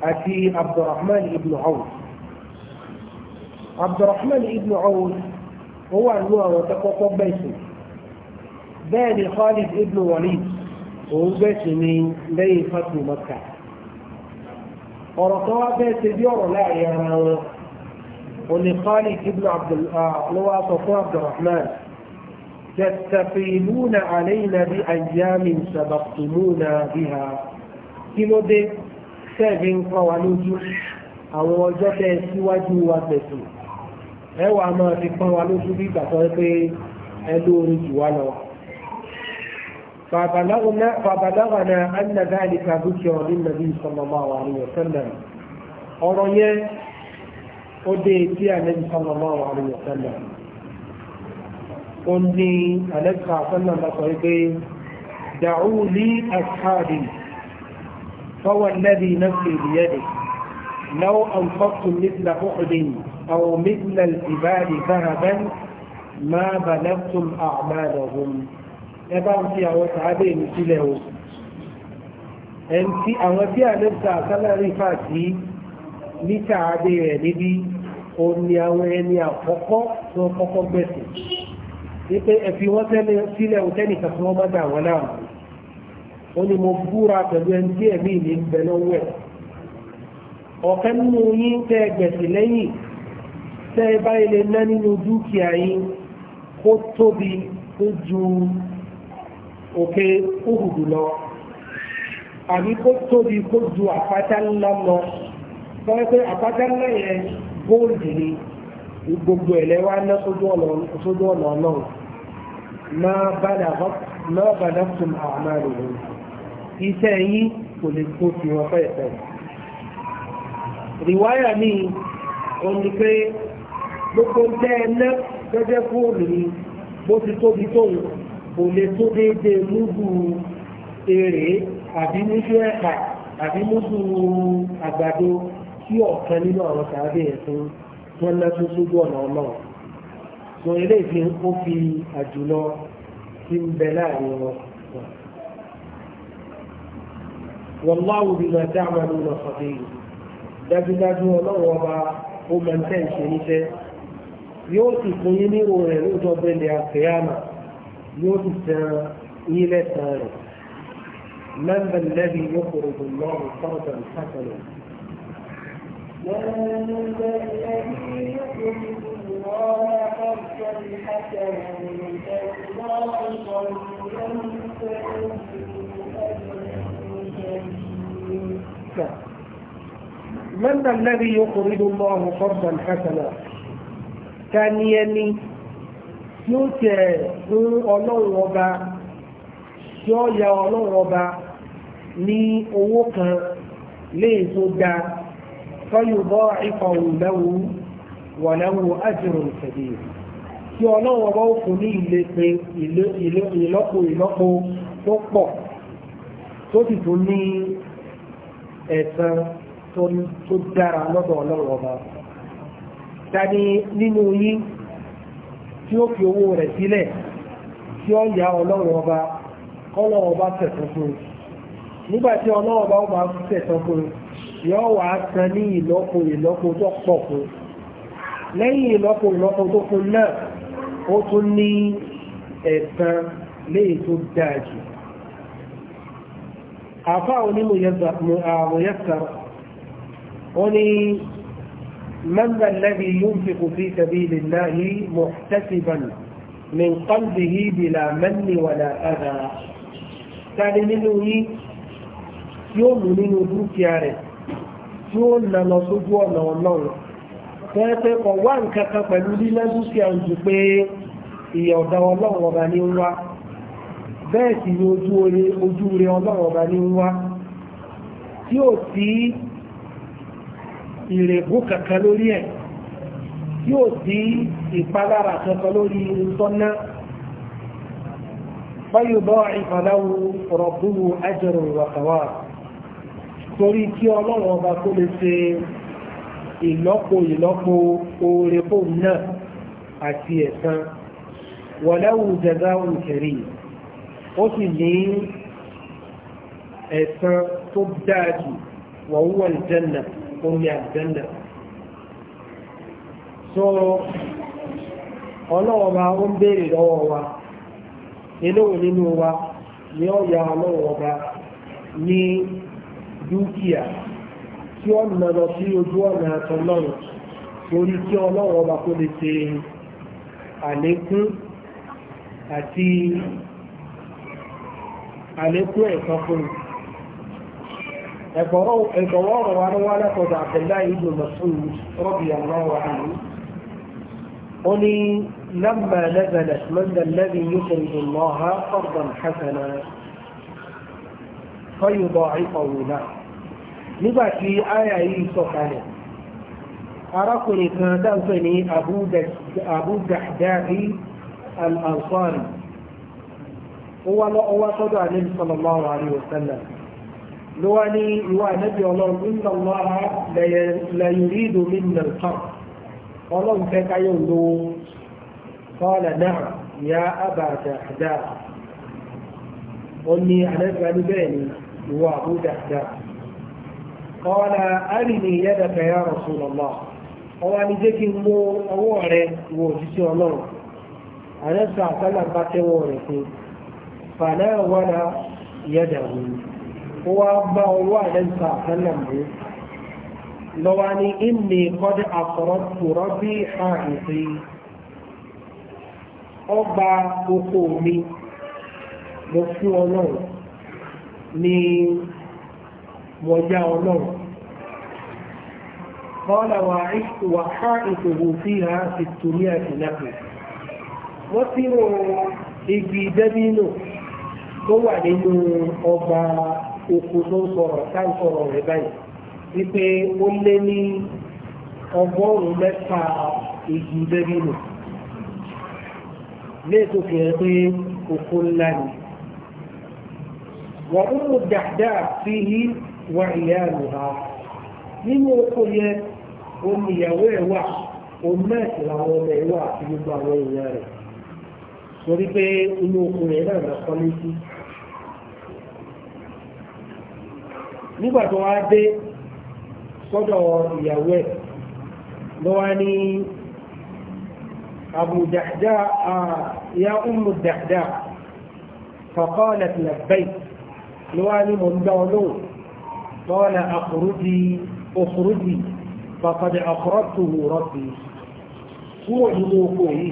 àti abdulrahman ibn awf abdulrahman ibn awf ó wà nínú àwọn tẹ́kọ́kọ́ gbẹ̀sìn bẹ́ẹ̀ ni khalid ibn walid òun gbẹ̀sìn ní lẹ́yìn fatu maka ọ̀rọ̀ kan wá fẹ́ ṣe bí ọ̀rọ̀ láàrin ara wọn òní khalid ibn lọ́wọ́ sọ fún abdulrahman تستقيلون علينا بأيام سبقتمونا بها كيلو دي tẹ́ẹ̀bí ń kọ́ wa lójú àwọn ọjọ́ tẹ́ síwájú wa tẹ̀sùn ẹwà máa fi kọ́ wa lójú bí ìgbà pé ẹ lóorin jù wá lọ. فبلغنا أن ذلك ذكر للنبي صلى الله عليه وسلم ọ̀rọ̀ yẹn ó dé tí àlẹ́bí sallallahu alaihi wa sallam ó ní àlẹ́bí sallallahu alaihi wa sallam فهو الذي نفسي بيده لو أنفقتم مثل أحد أو مثل الجبال ذهبا ما بلغتم أعمالهم ẹbáwọn tí àwọn sàábẹ̀ ní sílẹ̀ o ẹn tí àwọn tí àlẹ́sà sálárì fàtí ní sàábẹ̀ rẹ̀ níbi o ní àwọn ẹni àkọ́kọ́ tó kọ́kọ́ gbẹ̀sẹ̀ wípé ẹ̀fí wọ́n sílẹ̀ o tẹ́nìkan tí wọ́n bá dà wọ́n láàmú ó ní mo búra pẹ̀lú ẹni tí ẹ̀mí mi ń bẹ lọ́wọ́ ẹ̀ ọ̀kan nínú yín tẹ́ ẹ gbẹ̀sì lẹ́yìn tẹ́ ẹ báyìí lè ná nínú dúkìá yín kó tóbi tó ju òkè òhùdù lọ àbí kó tóbi kó ju àpáta ńlá lọ sọ pé àpáta ńlá yẹn góòlù ni gbogbo ẹ̀lẹ́ wa ná sójú ọ̀nà ọlọ́run máa bá dàbọ̀ máa bá dàbọ̀ àmàlù rẹ̀ iṣẹ́ yín kò lè kó fi wọn pẹ́ ẹ̀fẹ́. rìwáyà mi ò ní pé gbogbo tẹ́ ẹ ná gẹ́gẹ́ fóònù mi bó ti tóbi tóun kò lè tó déédéé múdù èrè àbí múdù ẹ̀pà àbí múdù àgbàdo tí ọ̀kan nínú àwọn sàábẹ̀ yẹn wọn ná tó sójú ọ̀nà ọlọ́run. sọ eléyìí ó fi àjùlọ tí ń bẹ láàrin wọn wàláwù bí ma dá àwọn ọmọ ọ̀sọ̀dé yìí dájúdájú ọlọ́run ọba ó máa ń tẹ̀ ń ṣe níṣẹ́ yóò sì fún yín ní ìwò rẹ̀ lóòótọ́ bẹ́lẹ̀ àkèyàmà yóò sì san yín lẹ́sàn-án rẹ̀ mẹ́mbà lẹ́bi yóò kúrò dùn lọ́rùn sọ́ọ̀tà ìsàkànnì. ومن الذي يقرض الله قرضا حسنا فالله قرض من الذي يقرض الله قرضا حسنا ثانيا yóò tẹ fún ọlọ́run ọba tí ó ya ọlọ́run ọba ní owó kan léè tó da fọyín bọ́ ikọ̀ òǹdẹ́wò wọ̀lẹ́wò ájìrò ìṣẹ̀lẹ̀ tí ọlọ́run ọba ó fún ní ilé pé ìlọ́po ìlọ́po tó pọ̀ tó sì tún ní ẹ̀san tó dára lọ́dọ̀ ọlọ́run ọba tani nínú yín tí ó fi owó rẹ̀ sílẹ̀ tí ó yá ọlọ́run ọba kọ́lọ́run ọba tẹ̀sán fún un nígbà tí ọlọ́run ọba ó tẹ̀sán fún un yóò wá san ní ìlọ́po ìlọ́po tó pọ̀ fún un lẹ́yìn ìlọ́po ìlọ́po tó fún náà ó tún ní ẹ̀san léyìí tó dáa jù àfáà onímọ̀ yẹn sàrọ̀ هني من الذي ينفق في سبيل الله محتسبا من قلبه بلا من ولا أذى tani nínú يوم من ó mú يوم dúkìá rẹ̀ tí ó nà lọ sójú ọ̀nà ọlọ́run pẹ́ẹ́pẹ́ kọ̀ wá nǹkan kan pẹ̀lú lílá dúkìá jù pé ìyẹ̀ ọ̀dà ọlọ́run ọba ní ń wá bẹ́ẹ̀ sì ni ojú rẹ̀ ọlọ́run ọba ní ń wá tí ó sí ìrègùn kankan lórí ẹ̀ yóò sí ìpalára kankan lórí tọ́ná fáyọ̀bọ̀ ìfàdáwò rọ̀bùwò ajẹ́rò wàtàwà torí kí ọlọ́run ọba tó lè ṣe ìlọ́po ìlọ́po oore fóun náà àti ẹ̀san wọ̀lẹ́wù jẹ̀dá òǹkẹ̀rì ó sì ní ẹ̀san tó dáa jù wọ̀wúwọ̀ omi àjẹ́nà so ọlọ́wọ́ bá ó ń béèrè lọ́wọ́ wa eléwò nínú wa ni ó ya ọlọ́wọ́ bá ní dúkìá tí ó nà lọ sí ojú ọ̀nà àtọ́lọ́rùn torí kí ọlọ́wọ́ bá kó lè ṣe àlékún àti àlékún ẹ̀kọ́ fún ẹ̀kọ̀wọ́ ọ̀rọ̀ wa ló wá látọ̀dọ̀ Abdullahi ibn Mas'ud radiyallahu anhu ó ní lamma nazalat man alladhi yuqridu Allaha qardan hasanan fayudaa'ifahu lahu nígbà tí àyà yìí sọ̀kalẹ̀ arákùnrin kan dáńpẹ́ ní Abu Dahdahi al ó wá sọ́dọ̀ Ànábì sallallahu ló wá ní ìwà ànábì ọlọ́run nígbà máa lẹ́yìnrí ìdòmí nìkan ọlọ́run fẹ́ káyọ̀ lówó kọ́ọ̀lá náà ya àbàdà dáa ó ní ànábì wa ní bẹ́ẹ̀ ni ìwà àbúdà dáa kọ́ọ̀lá àrìní yadaka ya Rasulullah ọwọ́ ni jẹ́ kí n mú ọwọ́ rẹ wo ọlọ́run ànábì àtàlà bá ó wá bá ọwọ́ àdẹ́sà àtẹ́lẹ̀ mú lọ́wọ́ ní ìmì kọ́dé àkọ́rọ́ tòrọ́ bí ha ìsì ọgbà oko mi mo fún ọlọ́run ní wọ́já na. kọ́lá wà ha ìṣòwò sí ha ìtòmí àti nàpẹ̀ wọ́n sínú igi dẹ́bínú tó wà nínú ọgba. oko tó ń sọ̀rọ̀ ká ń sọ̀rọ̀ rẹ̀ báyìí wípé ó lé ní ọgọ́rùn-ún igi lẹ́bí nù léètò fi hàn pé oko ńlá ni. wà ó mú dàdáà sí i wà ìyá nínú oko yẹn omi ìyàwó ẹ̀ wà omi làwọn ọmọ ẹ̀ wà àti gbogbo àwọn èèyàn rẹ̀ torí pé inú oko yẹn náà lọ́kọ́ nígbà tó wá dé sọ́dọ̀ ìyàwó ẹ̀ ló wá ní Abu Dahda ya Ummu Dahda faqalat labbayk ló wá ní mò ń dá ọlọ́wọ́ qala akhruji ukhruji faqad akhrajtuhu rabbi kúrò nínú oko yìí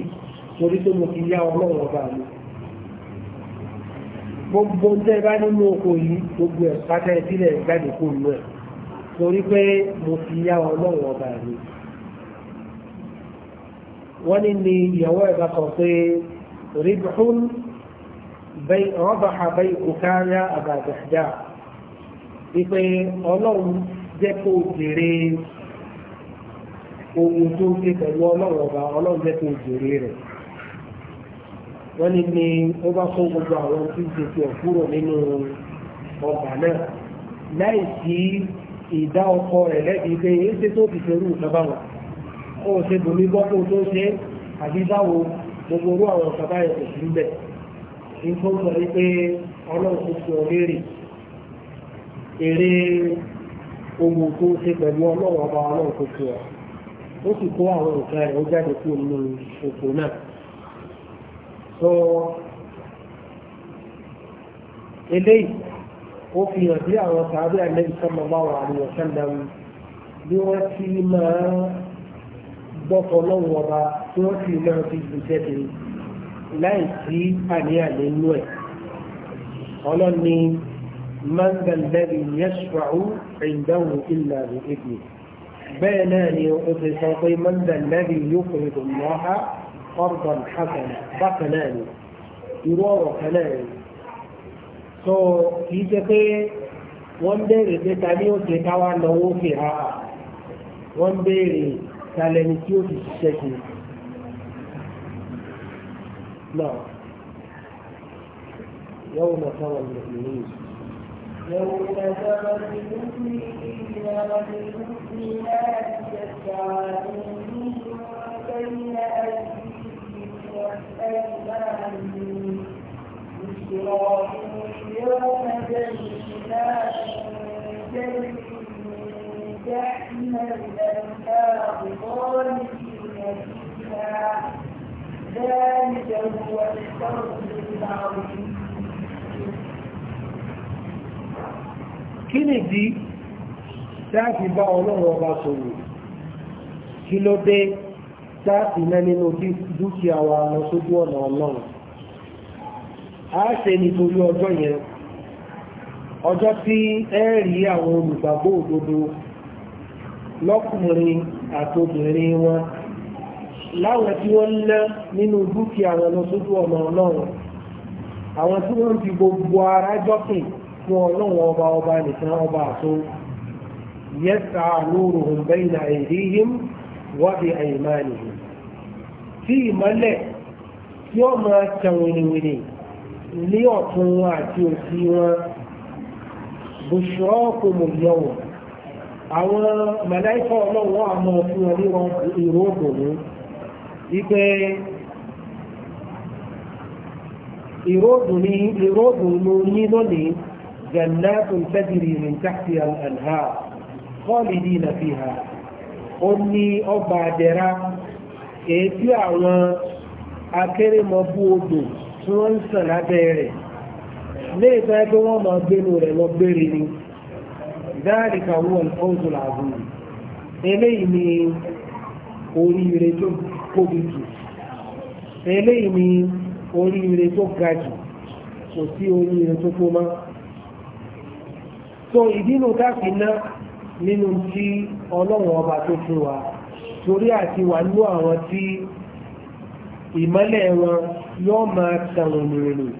torí tó mo fi yá ọlọ́wọ́ bá gbogbo tẹ́ bá nínú oko yìí gbogbo ẹ̀ pátá ìbílẹ̀ jáde kó nù ẹ̀ torí pé mo fi yá ọlọ́run ọba mi. wọ́n ní ni ìyàwó ẹ̀ bá sọ pé ribhun rọ́bàá bẹ́ẹ̀ òkáyà àbàdàdà wípé ọlọ́run jẹ́ kó jèrè ohun tó ń ṣe pẹ̀lú ọlọ́run ọba ọlọ́run jẹ́ kó jèrè rẹ̀ wọ́n ní ní ó bá kó gbogbo àwọn tí ń ṣe kúrò nínú ọgbà náà láì sí ìdá ọkọ rẹ̀ lẹ́bi pé éṣe tó ti ṣerú ìjọba wọn ó ṣe bùnmí gbọ́kó tó ṣe àbí báwo gbogbo orú àwọn ìjọba yẹn kò sí níbẹ̀ nípa ó sọ wípé ọlọ́run ti sọ léèrè èrè owó tó ṣe pẹ̀lú ọlọ́run ọba ọlọ́run tó ṣe ọ̀ ó sì kó àwọn nǹkan rẹ̀ ó jáde kúrò nínú òkú náà so eléyìí ó fi hàn sí àwọn sàárè àlẹ́bí sọ́mọ báwọn àríwọ̀ sẹ́lẹ̀m bí wọ́n ti máa gbọ́kọ̀ lọ́wọ́ ọba tí wọ́n sì máa fi gbèsè dé láì sí àníàní inú ẹ̀ ọlọ́ni mangalẹ́bí yẹ́sùfàù ìdáhùn ìlànà ìgbè bẹ́ẹ̀ náà ni ó ti sọ pé mangalẹ́bí yóò fèrè lọ́ha ọ̀rọ̀dọ̀n hasana bákan náà ni irú ọ̀rọ̀ kan náà ni so kì í ṣe pé wọ́n béèrè pé ta ni ó ṣe káwá náwó fi ha wọ́n béèrè ta lẹni tí ó ti ṣiṣẹ́ ṣe náà يوم ترى المؤمنين يوم ترى المؤمنين والمؤمنات تسعى بين أيديهم والأيمان بشرى يوم جنات تجري من تحتها الأنهار خالدين فيها ذلك هو الفوز العظيم kí nìdí tá a fi bá ọlọ́run ọba sọ̀rọ̀ kí ló dé dá iná nínú dúkìá wa lọ sójú ọ̀nà ọlọ́run a ṣe nítorí ọjọ́ yẹn ọjọ́ tí ẹ rí àwọn olùgbàgbọ́ òdodo lọ́kùnrin àtobìnrin wọn láwọn tí wọ́n ná nínú dúkìá wọn lọ sójú ọ̀nà ọlọ́run àwọn tí wọ́n fi gbogbo ara jọ́kìn fún ọlọ́run ọba ọba nìkan ọba wábi àìmánìhì tí ìmọ́lẹ̀ tí ó máa tàn wìnìwìnì ní ọ̀tún wọn àti òsì wọn bùṣọ́ọ̀kù mọ̀lẹ́wọ̀ àwọn màláìkà ọlọ́wọ́ àmọ́ fún wọn ní wọn ìró òbòmú ipe ìròdùn ní lónìí jannatun tajri min tahtiha al-anhar khalidina fiha ó ní ọgbà àdẹ̀ra èyí tí àwọn akérèmọ́bú odò tí wọ́n ń sàn lábẹ́ rẹ̀ lè fẹ́ pé wọ́n máa gbénu rẹ̀ lọ gbére ni dáàríkà wọ́n ọ̀dọ̀ làwọn eléyìí ni oríire tó tóbi jù eléyìí ni oríire tó ga jù kò sí oríire tó kó mọ́ so ìdínú káfíńná nínú tí ọlọ́run ọba tó fún wa torí àti wà nú àwọn tí ìmọ́lẹ̀ wọn yóò máa tàwọn ìrìn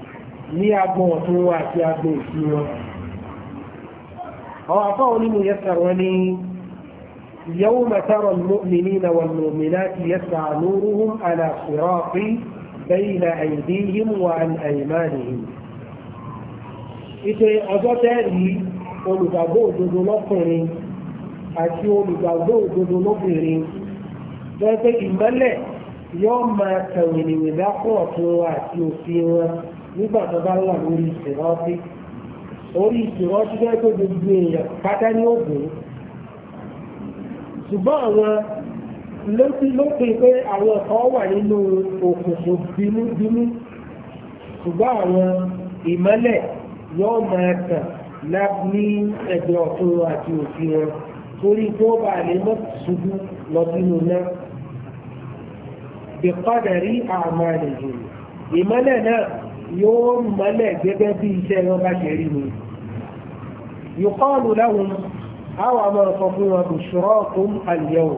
ní agbọ̀n ọ̀tún wọn àti agbọ̀n òsì wọn. àwọn afọ́ onímù yẹn sàrọ̀ ní يوم ترى المؤمنين والمؤمنات يسعى نورهم على صراط بين أيديهم وعن أيمانهم ìpè ọjọ́ tẹ́ẹ̀rí olùgbàgbọ́ òdodo lọ́kùnrin àti olùgbàgbọ́ òdodo lóbìnrin lọ́pẹ́ ìmọ́lẹ̀ yóò máa tẹ̀wìn ìrìn lápò ọ̀tún àti òfin wọn nígbà tó bá wà lórí orí tó gbogbo èèyàn pátá ní ògùn ṣùgbọ́n àwọn pé àwọn wà nínú òkùnkùn bínúbínú ṣùgbọ́n àwọn ìmọ́lẹ̀ yóò máa ní ẹgbẹ́ ọ̀tún torí kí wọ́n bá lè mọ́ ṣubú lọ sínú náà ìpadàrí àmà nìyẹn ìmọ́lẹ̀ náà yóò mọ́lẹ̀ gẹ́gẹ́ bí iṣẹ́ wọn bá ṣe rí ni yùkọ́ọ̀lù láwọn àwọn ọmọ ọ̀sán fún wọn kò ṣọ́rọ̀ tó ń àlẹ́wò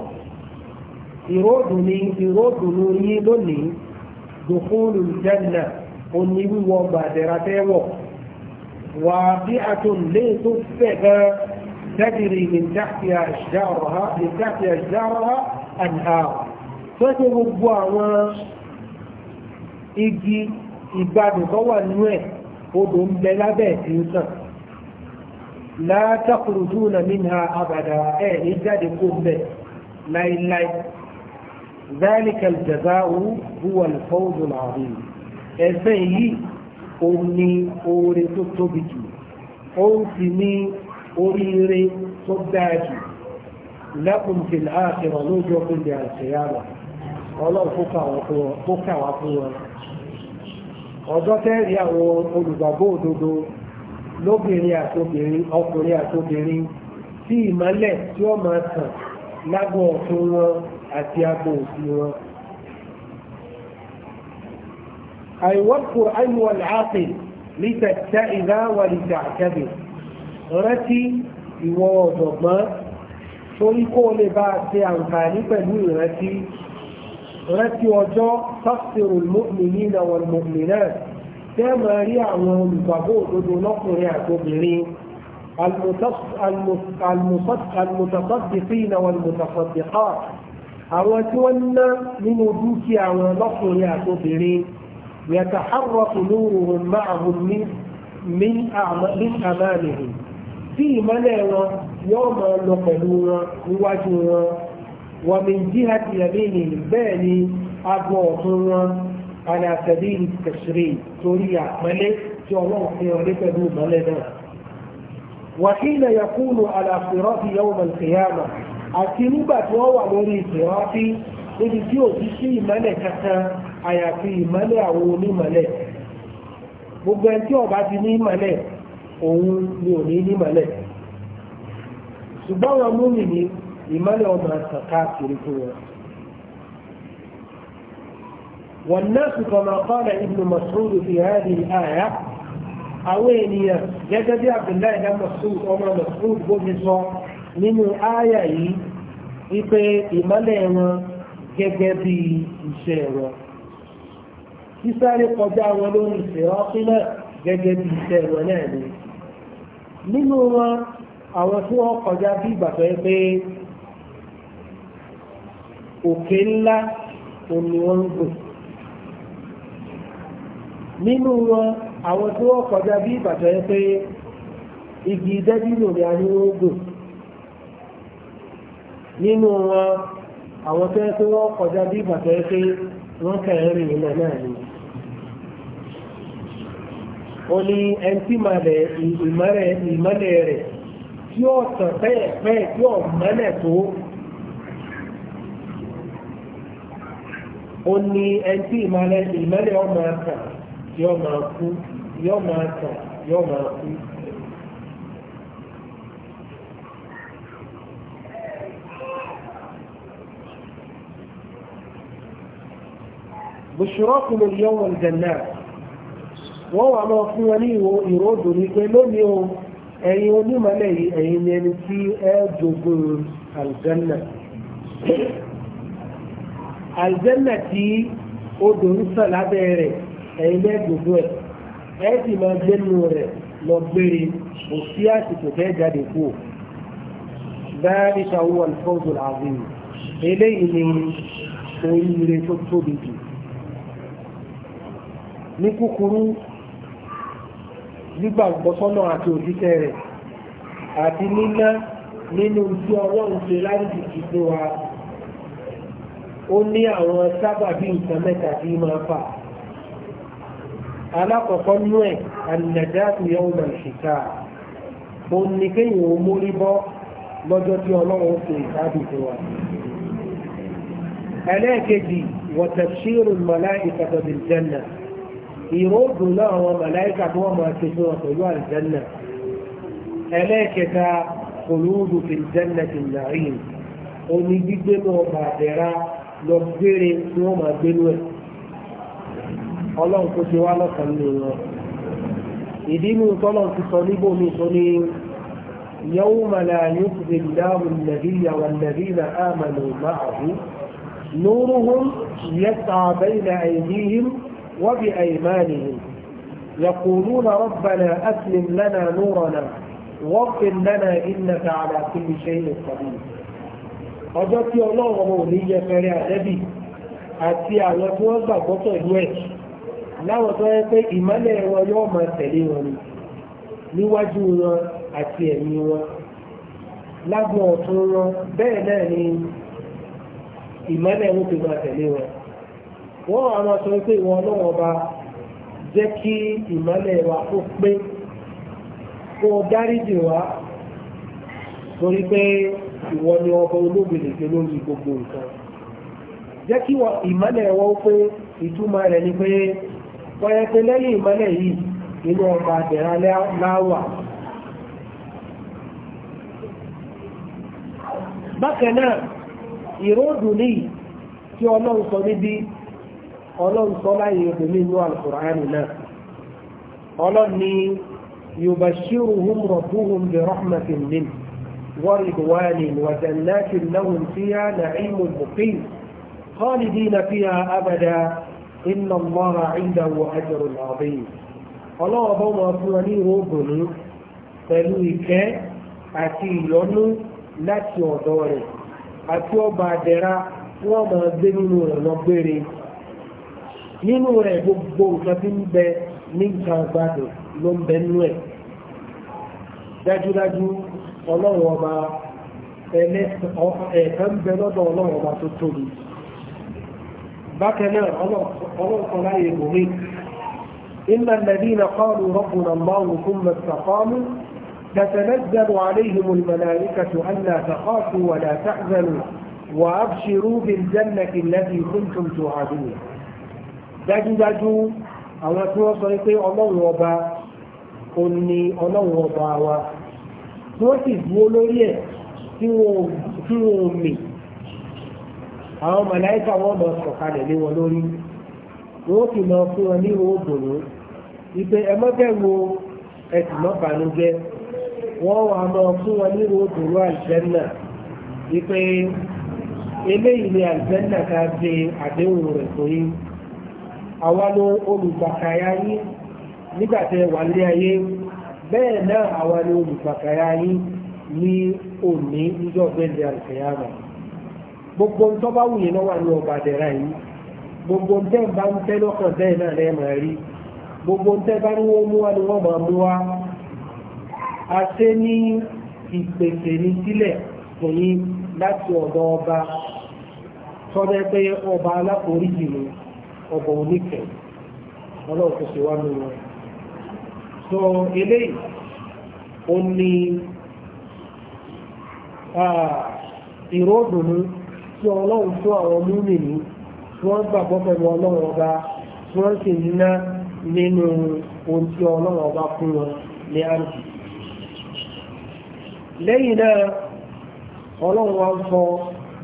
ìròdùnú ìròdùnú yín lónìí dùkúlù jẹ́nà òní wíwọ gbàdẹ̀rà wà bí a tó lè tó fẹ̀ gan-an تجري من تحتها أشجارها من تحت أشجارها أنهار فجربوا àwọn igi ìgbàdùnkọ́ wà nú ẹ̀ odò ń bẹ lábẹ́ tí ń sàn la takhrujuna minha abada ẹ̀ ní jáde kó bẹ̀ láíláí ذلك الجزاء هو الفوز العظيم ẹ̀fẹ́ yìí òun ni oore tó tóbi jù òun sì ni oríire tó dájú lẹ́kùn tí láàkìrọ̀ lójú ọkùn di àṣeyàrá ọlọ́run kó kàwá fún wọn ọjọ́ tẹ́rì àwọn olùgbàgbọ́ òdodo lóbìnrin àtobìnrin ọkùnrin àtobìnrin tí ìmọ́lẹ̀ tí ó máa tàn lágbo ọ̀tún wọn àti agbo òsì wọn àìwọ́pù àìwọ̀lẹ̀ ápè lítẹ̀tẹ̀ ìdáwà lítẹ̀ àtẹ́bẹ̀ rántí ìwọ ọ̀jọ̀gbọ́n torí kó o lè bá a ṣe àǹfààní pẹ̀lú ìrántí rántí ọjọ́ tọ́sírù mu'minina wal mu'minat tẹ́ máa rí àwọn olùgbàgbọ́ òdodo lọ́kùnrin àtòbìnrin almutasaddiqina wal mutasaddiqat àwọn tí wọ́n ná nínú dúkìá àwọn lọ́kùnrin àtòbìnrin yataharraku nuruhum ma'ahum min amanihim tí ìmọ́lẹ̀ wọn yóò máa lọ pẹ̀lú wọn níwájú wọn wọ́n mi jí àti ẹ̀mí ni bẹ́ẹ̀ ni agbọ̀ ọ̀tún wọn aláṣẹ́bí kẹsìrì torí àpẹẹlẹ tí ọlọ́run fi hàn lé pẹ̀lú ìmọ́lẹ̀ náà. وحين يكون على صراط يوم القيامة أكنوبة وولوري صراطي níbi tí ò ti sí ìmọ́lẹ̀ kankan àyàfi ìmọ́lẹ̀ àwọn onímọ́lẹ̀ gbogbo ẹni tí ó ti ní ìmọ́lẹ̀ òun ni ò ní nímọ̀lẹ̀ ṣùgbọ́n àwọn múmi ni ìmọ̀lẹ̀ ọmọ àtàn káàkiri fún wọn àwọn ènìyàn gẹ́gẹ́ bí ọmọ gbóbi sọ nínú àyà yìí wípé wọn gẹ́gẹ́ bí iṣẹ́ wọn kọjá wọn lórí ìṣẹ́ gẹ́gẹ́ bí iṣẹ́ wọn náà ni nínú wọn àwọn tí wọ́n kọjá bí ìgbàfẹ́ pé òkè ńlá òní wọ́n ń nínú wọn àwọn tí wọ́n kọjá bí ìgbàfẹ́ pé igi dẹ́bìlò ni a ní wọ́n gùn nínú wọn àwọn tí wọ́n kọjá bí ìgbàfẹ́ pé wọ́n kẹrin ìlẹ̀ náà nìyí. ó ní ẹni tí ìmọ̀lẹ̀ rẹ̀ tí ó tàn bẹ́ẹ̀ bẹ́ẹ̀ tí ó mọ́lẹ̀ tó ó ní ẹni tí ìmọ̀lẹ̀ ìmọ̀lẹ̀ ọmọ àtàn yóò máa kú yóò máa tàn yóò máa kú. بشراكم اليوم الجنات wọ́n wà lọ fún wọn ní ìró òdòdó pé lónìí o ẹ̀yin onímọ̀lẹ̀ yìí ẹ̀yin ni ẹni tí ẹ jogún àlùjànnà àlùjànnà tí odò ń sàn lábẹ́ rẹ̀ ẹ̀yin lẹ́ jogún ẹ̀ ẹ̀ sì máa gbénu rẹ̀ lọ gbére kò sí àsìkò tẹ́ jáde kú o bẹ́ẹ̀ni ṣàwọ́ alfọ́dù eléyìí ni oríire tó tóbi jù ní kúkúrú gbígbàgbọ́ sọ́nà àti òjíṣẹ́ rẹ̀ àti níná nínú tí ọlọ́run ṣe láti ti fún wa ó ní àwọn sábàbí nǹkan mẹ́ta tí máa fà alákọ̀ọ́kọ́ nú ẹ̀ ànàdáàtú yẹn wọn ṣìkà ó ní kéèyàn ó mórí bọ́ lọ́jọ́ tí ọlọ́run ṣe ìsáàbì fún wa ẹlẹ́ẹ̀kejì wọ̀tẹ̀ṣírù mọ̀lá ìkàtọ̀bìlì jẹ́nà ìròdùn náà àwọn màláìkà tó wọ́n máa ṣe fún wọn pẹ̀lú àlùjẹ́nà ẹlẹ́ẹ̀kẹta kòlóòdù fi jẹ́nà ti nàárín omi gbígbé náà bàbẹ̀rà lọ gbére tí wọ́n máa gbénú ẹ̀ ọlọ́run kò ṣe wá lọ́kàn nínú wọn ìdí inú tọ́lọ́run ti sọ níbo mi tó ní يوم لا يخزي الله النبي والذين آمنوا معه نورهم يسعى بين أيديهم وبأيمانهم يقولون ربنا أسلم لنا نورنا واغفر لنا إنك على كل شيء قدير ọjọ́ tí ọlọ́run ọmọ òní yẹ fẹ́rẹ́ àdẹ́bì àti àwọn tí wọ́n gbàgbọ́ pẹ̀lú ẹ̀ láwọn tó yẹ pé ìmọ́lẹ̀ wọn yóò máa tẹ̀lé wọn ni níwájú wọn àti ẹ̀yìn wọn lágbo ọ̀tún wọn bẹ́ẹ̀ náà ni ìmọ́lẹ̀ wọn ti máa tẹ̀lé wọn. wọ́n wà máa sọ pé ìwọ ọba jẹ́ kí ìmọ́lẹ̀ pé kó o dáríjì wá torí pé ìwọ ni ọba olóbìnrin pé lórí gbogbo nǹkan jẹ́ kí ìmọ́lẹ̀ wa ó pé ìtumọ̀ rẹ̀ ni pé wọ́n lẹ́yìn ìmọ́lẹ̀ yìí inú ọba àdẹ̀rà láwà. bákan náà ìròdùn ní ọlọ́run sọ láyé obìnrin inú alukur'ani náà ọlọ́run ní yubashiruhum rabbuhum bi rahmatin min ورضوان وجنات لهم فيها نعيم مقيم خالدين فيها أبدا إن الله عنده أجر عظيم الله أبونا أفناني ربنا فلوك àti ìyọnú láti ọ̀dọ̀ rẹ̀ àti ọba àdẹ̀ra wọ́n máa gbé nínú rẹ̀ gbére nínú rẹ̀ gbogbo nǹkan tí ń bẹ ní nǹkan gbádùn ló ń bẹ nínú ẹ̀ dájúdájú ọlọ́run ọba ẹ̀ẹ̀kan bẹ lọ́dọ̀ ọlọ́run ọba tó tóbi bákan náà ọlọ́run kan láyé bòmí إن الذين قالوا ربنا الله ثم استقاموا تتنزل عليهم الملائكة ألا تخافوا ولا تحزنوا وأبشروا بالجنة التي كنتم توعدون dájúdájú àwọn tí wọ́n sọ pé ọlọ́run ọba ò ní ọlọ́run ọba wa tí wọ́n sì dúró lórí ẹ̀ tí wọ́n mì àwọn màláìka wọ́n lọ sọ̀kalẹ̀ lé wọn lórí wọ́n sì lọ fún wọn ní owó dòdò ìpè ẹmọ́bẹ̀wò ẹ̀sìn mọ́bànújẹ́ wọ́n wà lọ fún wọn ní owó dòdò àlùjẹ́nà ìpè eléyìí ni àlùjẹ́nà ká ṣe àdéhùn rẹ̀ sórí àwa ló olùgbàkàyà yín nígbà tẹ́ wà lé ayé bẹ́ẹ̀ náà àwa ló olùgbàkàyà yín ní òní níjọ́ gbẹ̀ndẹ̀ àlùkìyàmà gbogbo ntọ́ bá wùyẹn náà wà ní ọba àdẹ̀rà yìí gbogbo ntẹ́ bá ń tẹ́ lọ́kàn bẹ́ẹ̀ náà lẹ́ẹ̀ máa rí gbogbo ntẹ́ bá ní wọ́n mú wa ni wọ́n máa mú wa a ṣe ní ìpèsè ní sílẹ̀ fún yín láti ọ̀dọ̀ ọba tọ́lẹ́ pé ọba aláforíjì ni ọ̀bọ̀ oníkẹ̀ ọlọ́run kò ṣe wá ní wọn. sọ eléyìí ó ní ìró òdùnnú tí ọlọ́run tó àwọn múmìnì tí wọ́n gbàgbọ́ pẹ̀lú ọlọ́run ọba tí wọ́n sì ń ná nínú ohun tí ọlọ́run ọba fún wọn ní àǹtí. lẹ́yìn náà ọlọ́run wa ń sọ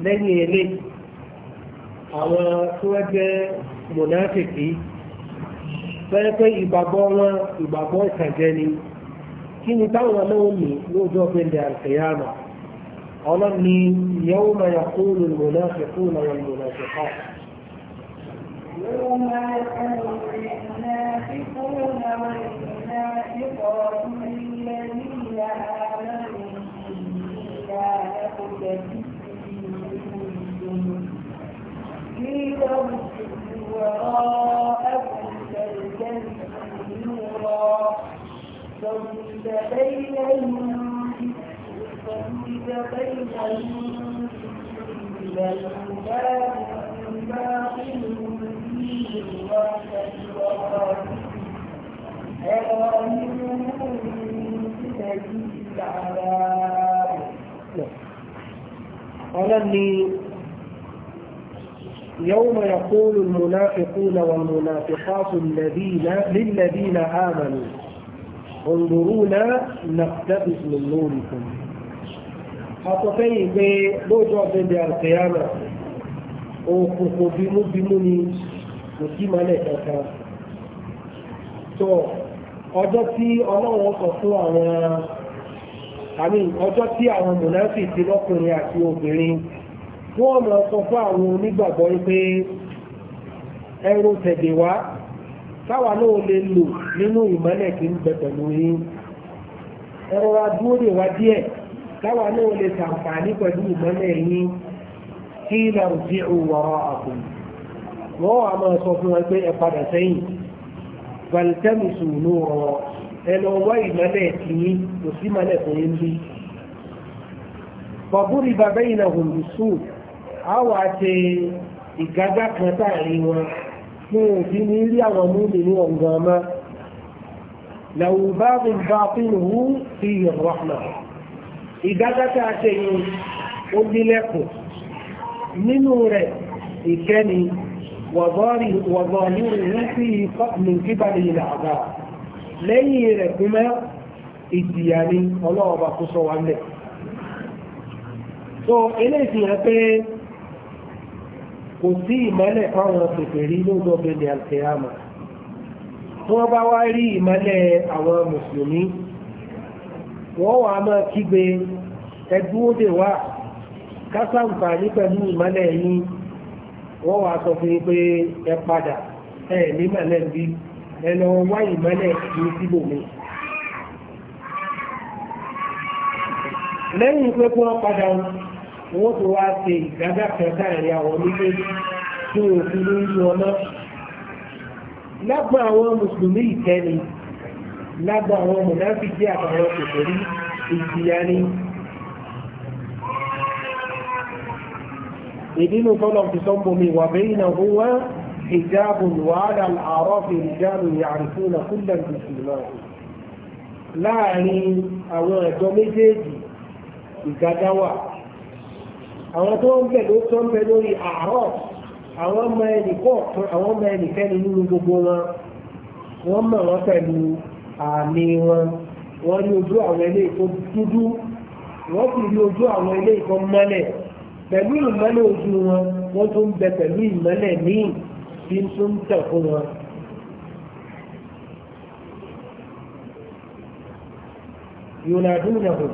lẹ́yìn eléyìí àwọn tí wọ́n jẹ́ mùnáfìkì fẹ́ pé ìgbàgbọ́ wọn ìgbàgbọ́ ìtànjẹ ni kí ni táwọn náà mì lóòjọ́ gbẹ̀ndẹ̀ àlùkìyàmà ọlọ́run ni ìyẹ́wò máa yà kúrò mùnáfìkúnà wọn mùnáfìkà. يوم يقول المنافقون والمنافقات للذين آمنوا وراءكم كالجنة نورا فوجد بينهم فوجد بينهم بالباب باطل فيه الرحمة والرحمة Ọlọ́ni يوم يقول المنافقون والمنافقات الذين للذين آمنوا انظرونا نقتبس من نوركم أتفين بوجع بين القيامة òkùnkùn bímúbímú ni kò sí mọ́lẹ̀ kankan tó ọjọ́ tí ọlọ́run sọ fún àwọn àmì ọjọ́ tí àwọn mùnáfì ti lọ́kùnrin àti obìnrin wọ́n mọ̀ sọ fún àwọn onígbàgbọ́ pé ẹrù tẹ̀dẹ̀ wá káwa náà lè lò nínú ìmọ́lẹ̀ tí ń bẹ pẹ̀lú yín ẹrù wa dúró lè wá díẹ̀ káwa náà lè ṣàǹfààní pẹ̀lú ìmọ́lẹ̀ yín kí ìlànà tí ò wọ́rọ̀ àkùn wọ́n wà máa sọ fún wọn pé ẹ padà sẹ́yìn gbàlítẹ́mùsù lóòrọ̀ ẹ lọ wá ìmọ́lẹ̀ tí kò sí ìmọ́lẹ̀ tó yín bí a wà ṣe ìgágá kan táàrin wọn fún òfin ní rí àwọn múmi ní ọ̀gbọ̀n ọmọ lẹ́wù bá mi bá fínú hù sí ìrọ̀pọ̀ ìgágá tá a ṣe yìí ó nílẹ̀kùn nínú rẹ̀ ìkẹ́ni wọ̀bọ̀lú rẹ̀ sí ìfọ́pùnù kíbalẹ̀ lẹ́yìn rẹ̀ kúmẹ́ ìdìyà ni ọlọ́ọ̀bà kó sọ wa so eléyìí fi hàn pé kò sí ìmọ́lẹ̀ fáwọn kèfèrí lọ́jọ́ bẹ̀rẹ̀ alkiyama tí wọ́n bá wá rí ìmọ́lẹ̀ àwọn mùsùlùmí wọ́n wà máa kígbe ẹgbúwódè wá kásàǹfààní pẹ̀lú ìmọ́lẹ̀ yìí wọ́n wà sọ fún pé ẹ padà ẹ ní mọ̀lẹ́ bí ẹ lọ wá ìmọ́lẹ̀ ní lẹ́yìn wọ́n tó wá ṣe ìdájá kẹta ẹ̀rẹ́ àwọn onílé tí ó fi ní ìlú ọmọ lágbà àwọn mùsùlùmí ìtẹ́ni lágbà àwọn mùnáfíjì àtàwọn kòkòrí ìjìyà ni ìdínú tọ́lọ̀ ti sọ mọ́ mi wà bẹ́yìn náà ó wá ìjáàbù wàhálà àárọ̀ fi ìjáàbù yàrìfú na kúlẹ̀ mùsùlùmí láàrin àwọn ẹ̀tọ́ méjèèjì ìgádáwà àwọn tó ń bẹ̀ tó ń bẹ lórí àárọ̀ àwọn ọmọ ẹnì kọ̀ọ̀kan àwọn ọmọ ẹnìkẹ́ni nínú gbogbo wọn wọ́n mọ̀ wọ́n pẹ̀lú àmì wọn wọ́n ní ojú àwọn ilé tó dúdú wọ́n sì ní ojú àwọn ilé tó mọ́lẹ̀ pẹ̀lú ìmọ́lẹ̀ ojú wọn wọ́n tún bẹ pẹ̀lú ìmọ́lẹ̀ míì tí ń tún tẹ̀ fún wọn. yonadúnàhùn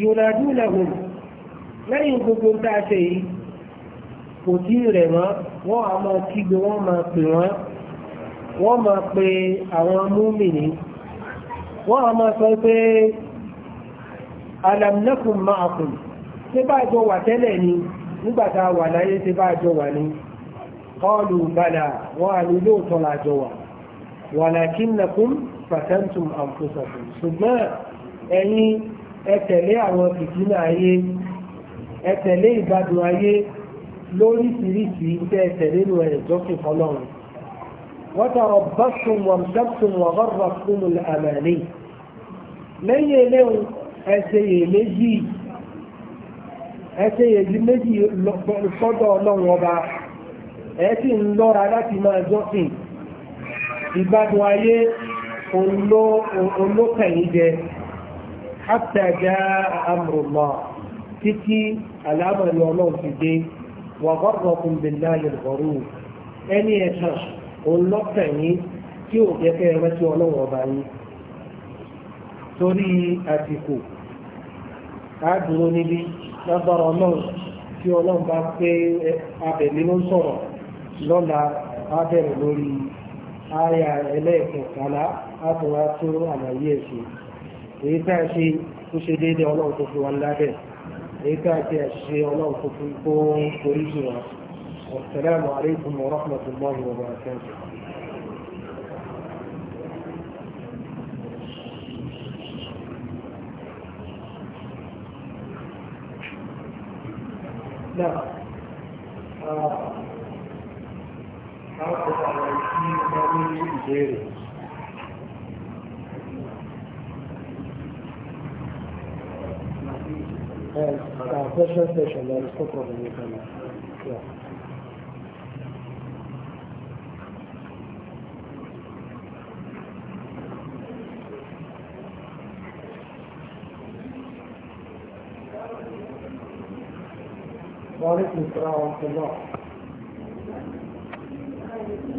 yunadunahum lẹ́yìn gbogbo tá a ṣe yìí kò tí ì rẹ̀ wọ́n wọ́n á máa kígbe wọ́n máa pè wọ́n wọ́n máa pe àwọn múmìnì wọ́n á máa sọ pé alamnakum ma'akum ṣé bá jọ wà tẹ́lẹ̀ ni nígbà tá a wà láyé ṣé bá jọ wà ni kọlù bala wọ́n á ní lóòótọ́ la jọ wà wàlàkínnakum fatantum anfusakum ṣùgbọ́n ẹ̀yin ẹ tẹ̀lé àwọn ìdínà ayé ẹ tẹ̀lé ìgbádùn ayé lóríṣiríṣi tẹ́ ẹ tẹ̀lé nu ẹ̀ jọ́sìn fọlọ́run وتربصتم وارتبتم وغرتكم الأماني lẹ́yìn eléhùn ẹ̀sẹ̀yèméjì ẹ̀sẹ̀yèméjì sọ́dọ̀ ọlọ́run ọba ẹ sì ń lọ́ra láti máa jọ́sìn ìgbádùn ayé olókẹ̀yìn jẹ hatta jaa amrullah títí aláàmàlú ọlọ́run ti dé wa gharrakum billahi al-ghurur ẹni ẹ̀ka ọlọ́kàn yín tí ò jẹ́ kẹ́ ẹ rántí ọlọ́run ọba yín torí àsìkò àádúró níbi lágbára ọlọ́run tí ọlọ́run bá pé abẹ̀mí ló ń sọ̀rọ̀ lọ́la abẹ̀rẹ̀ lórí aya ẹlẹ́ẹ̀kẹtàlá àtúwátú àlàyé ẹ̀sìn èyí tá a ṣe tó ṣe déédéé ọlọ́run tó fi wọn lábẹ́ èyí tá a ṣe àṣìṣe ọlọ́run tó fi kó orí jù wọn. والسلام عليكم ورحمة الله وبركاته نعم حافظ على الدين من الجيري And our question session, there is no problem with them. Yeah. وعليكم السلام ورحمة الله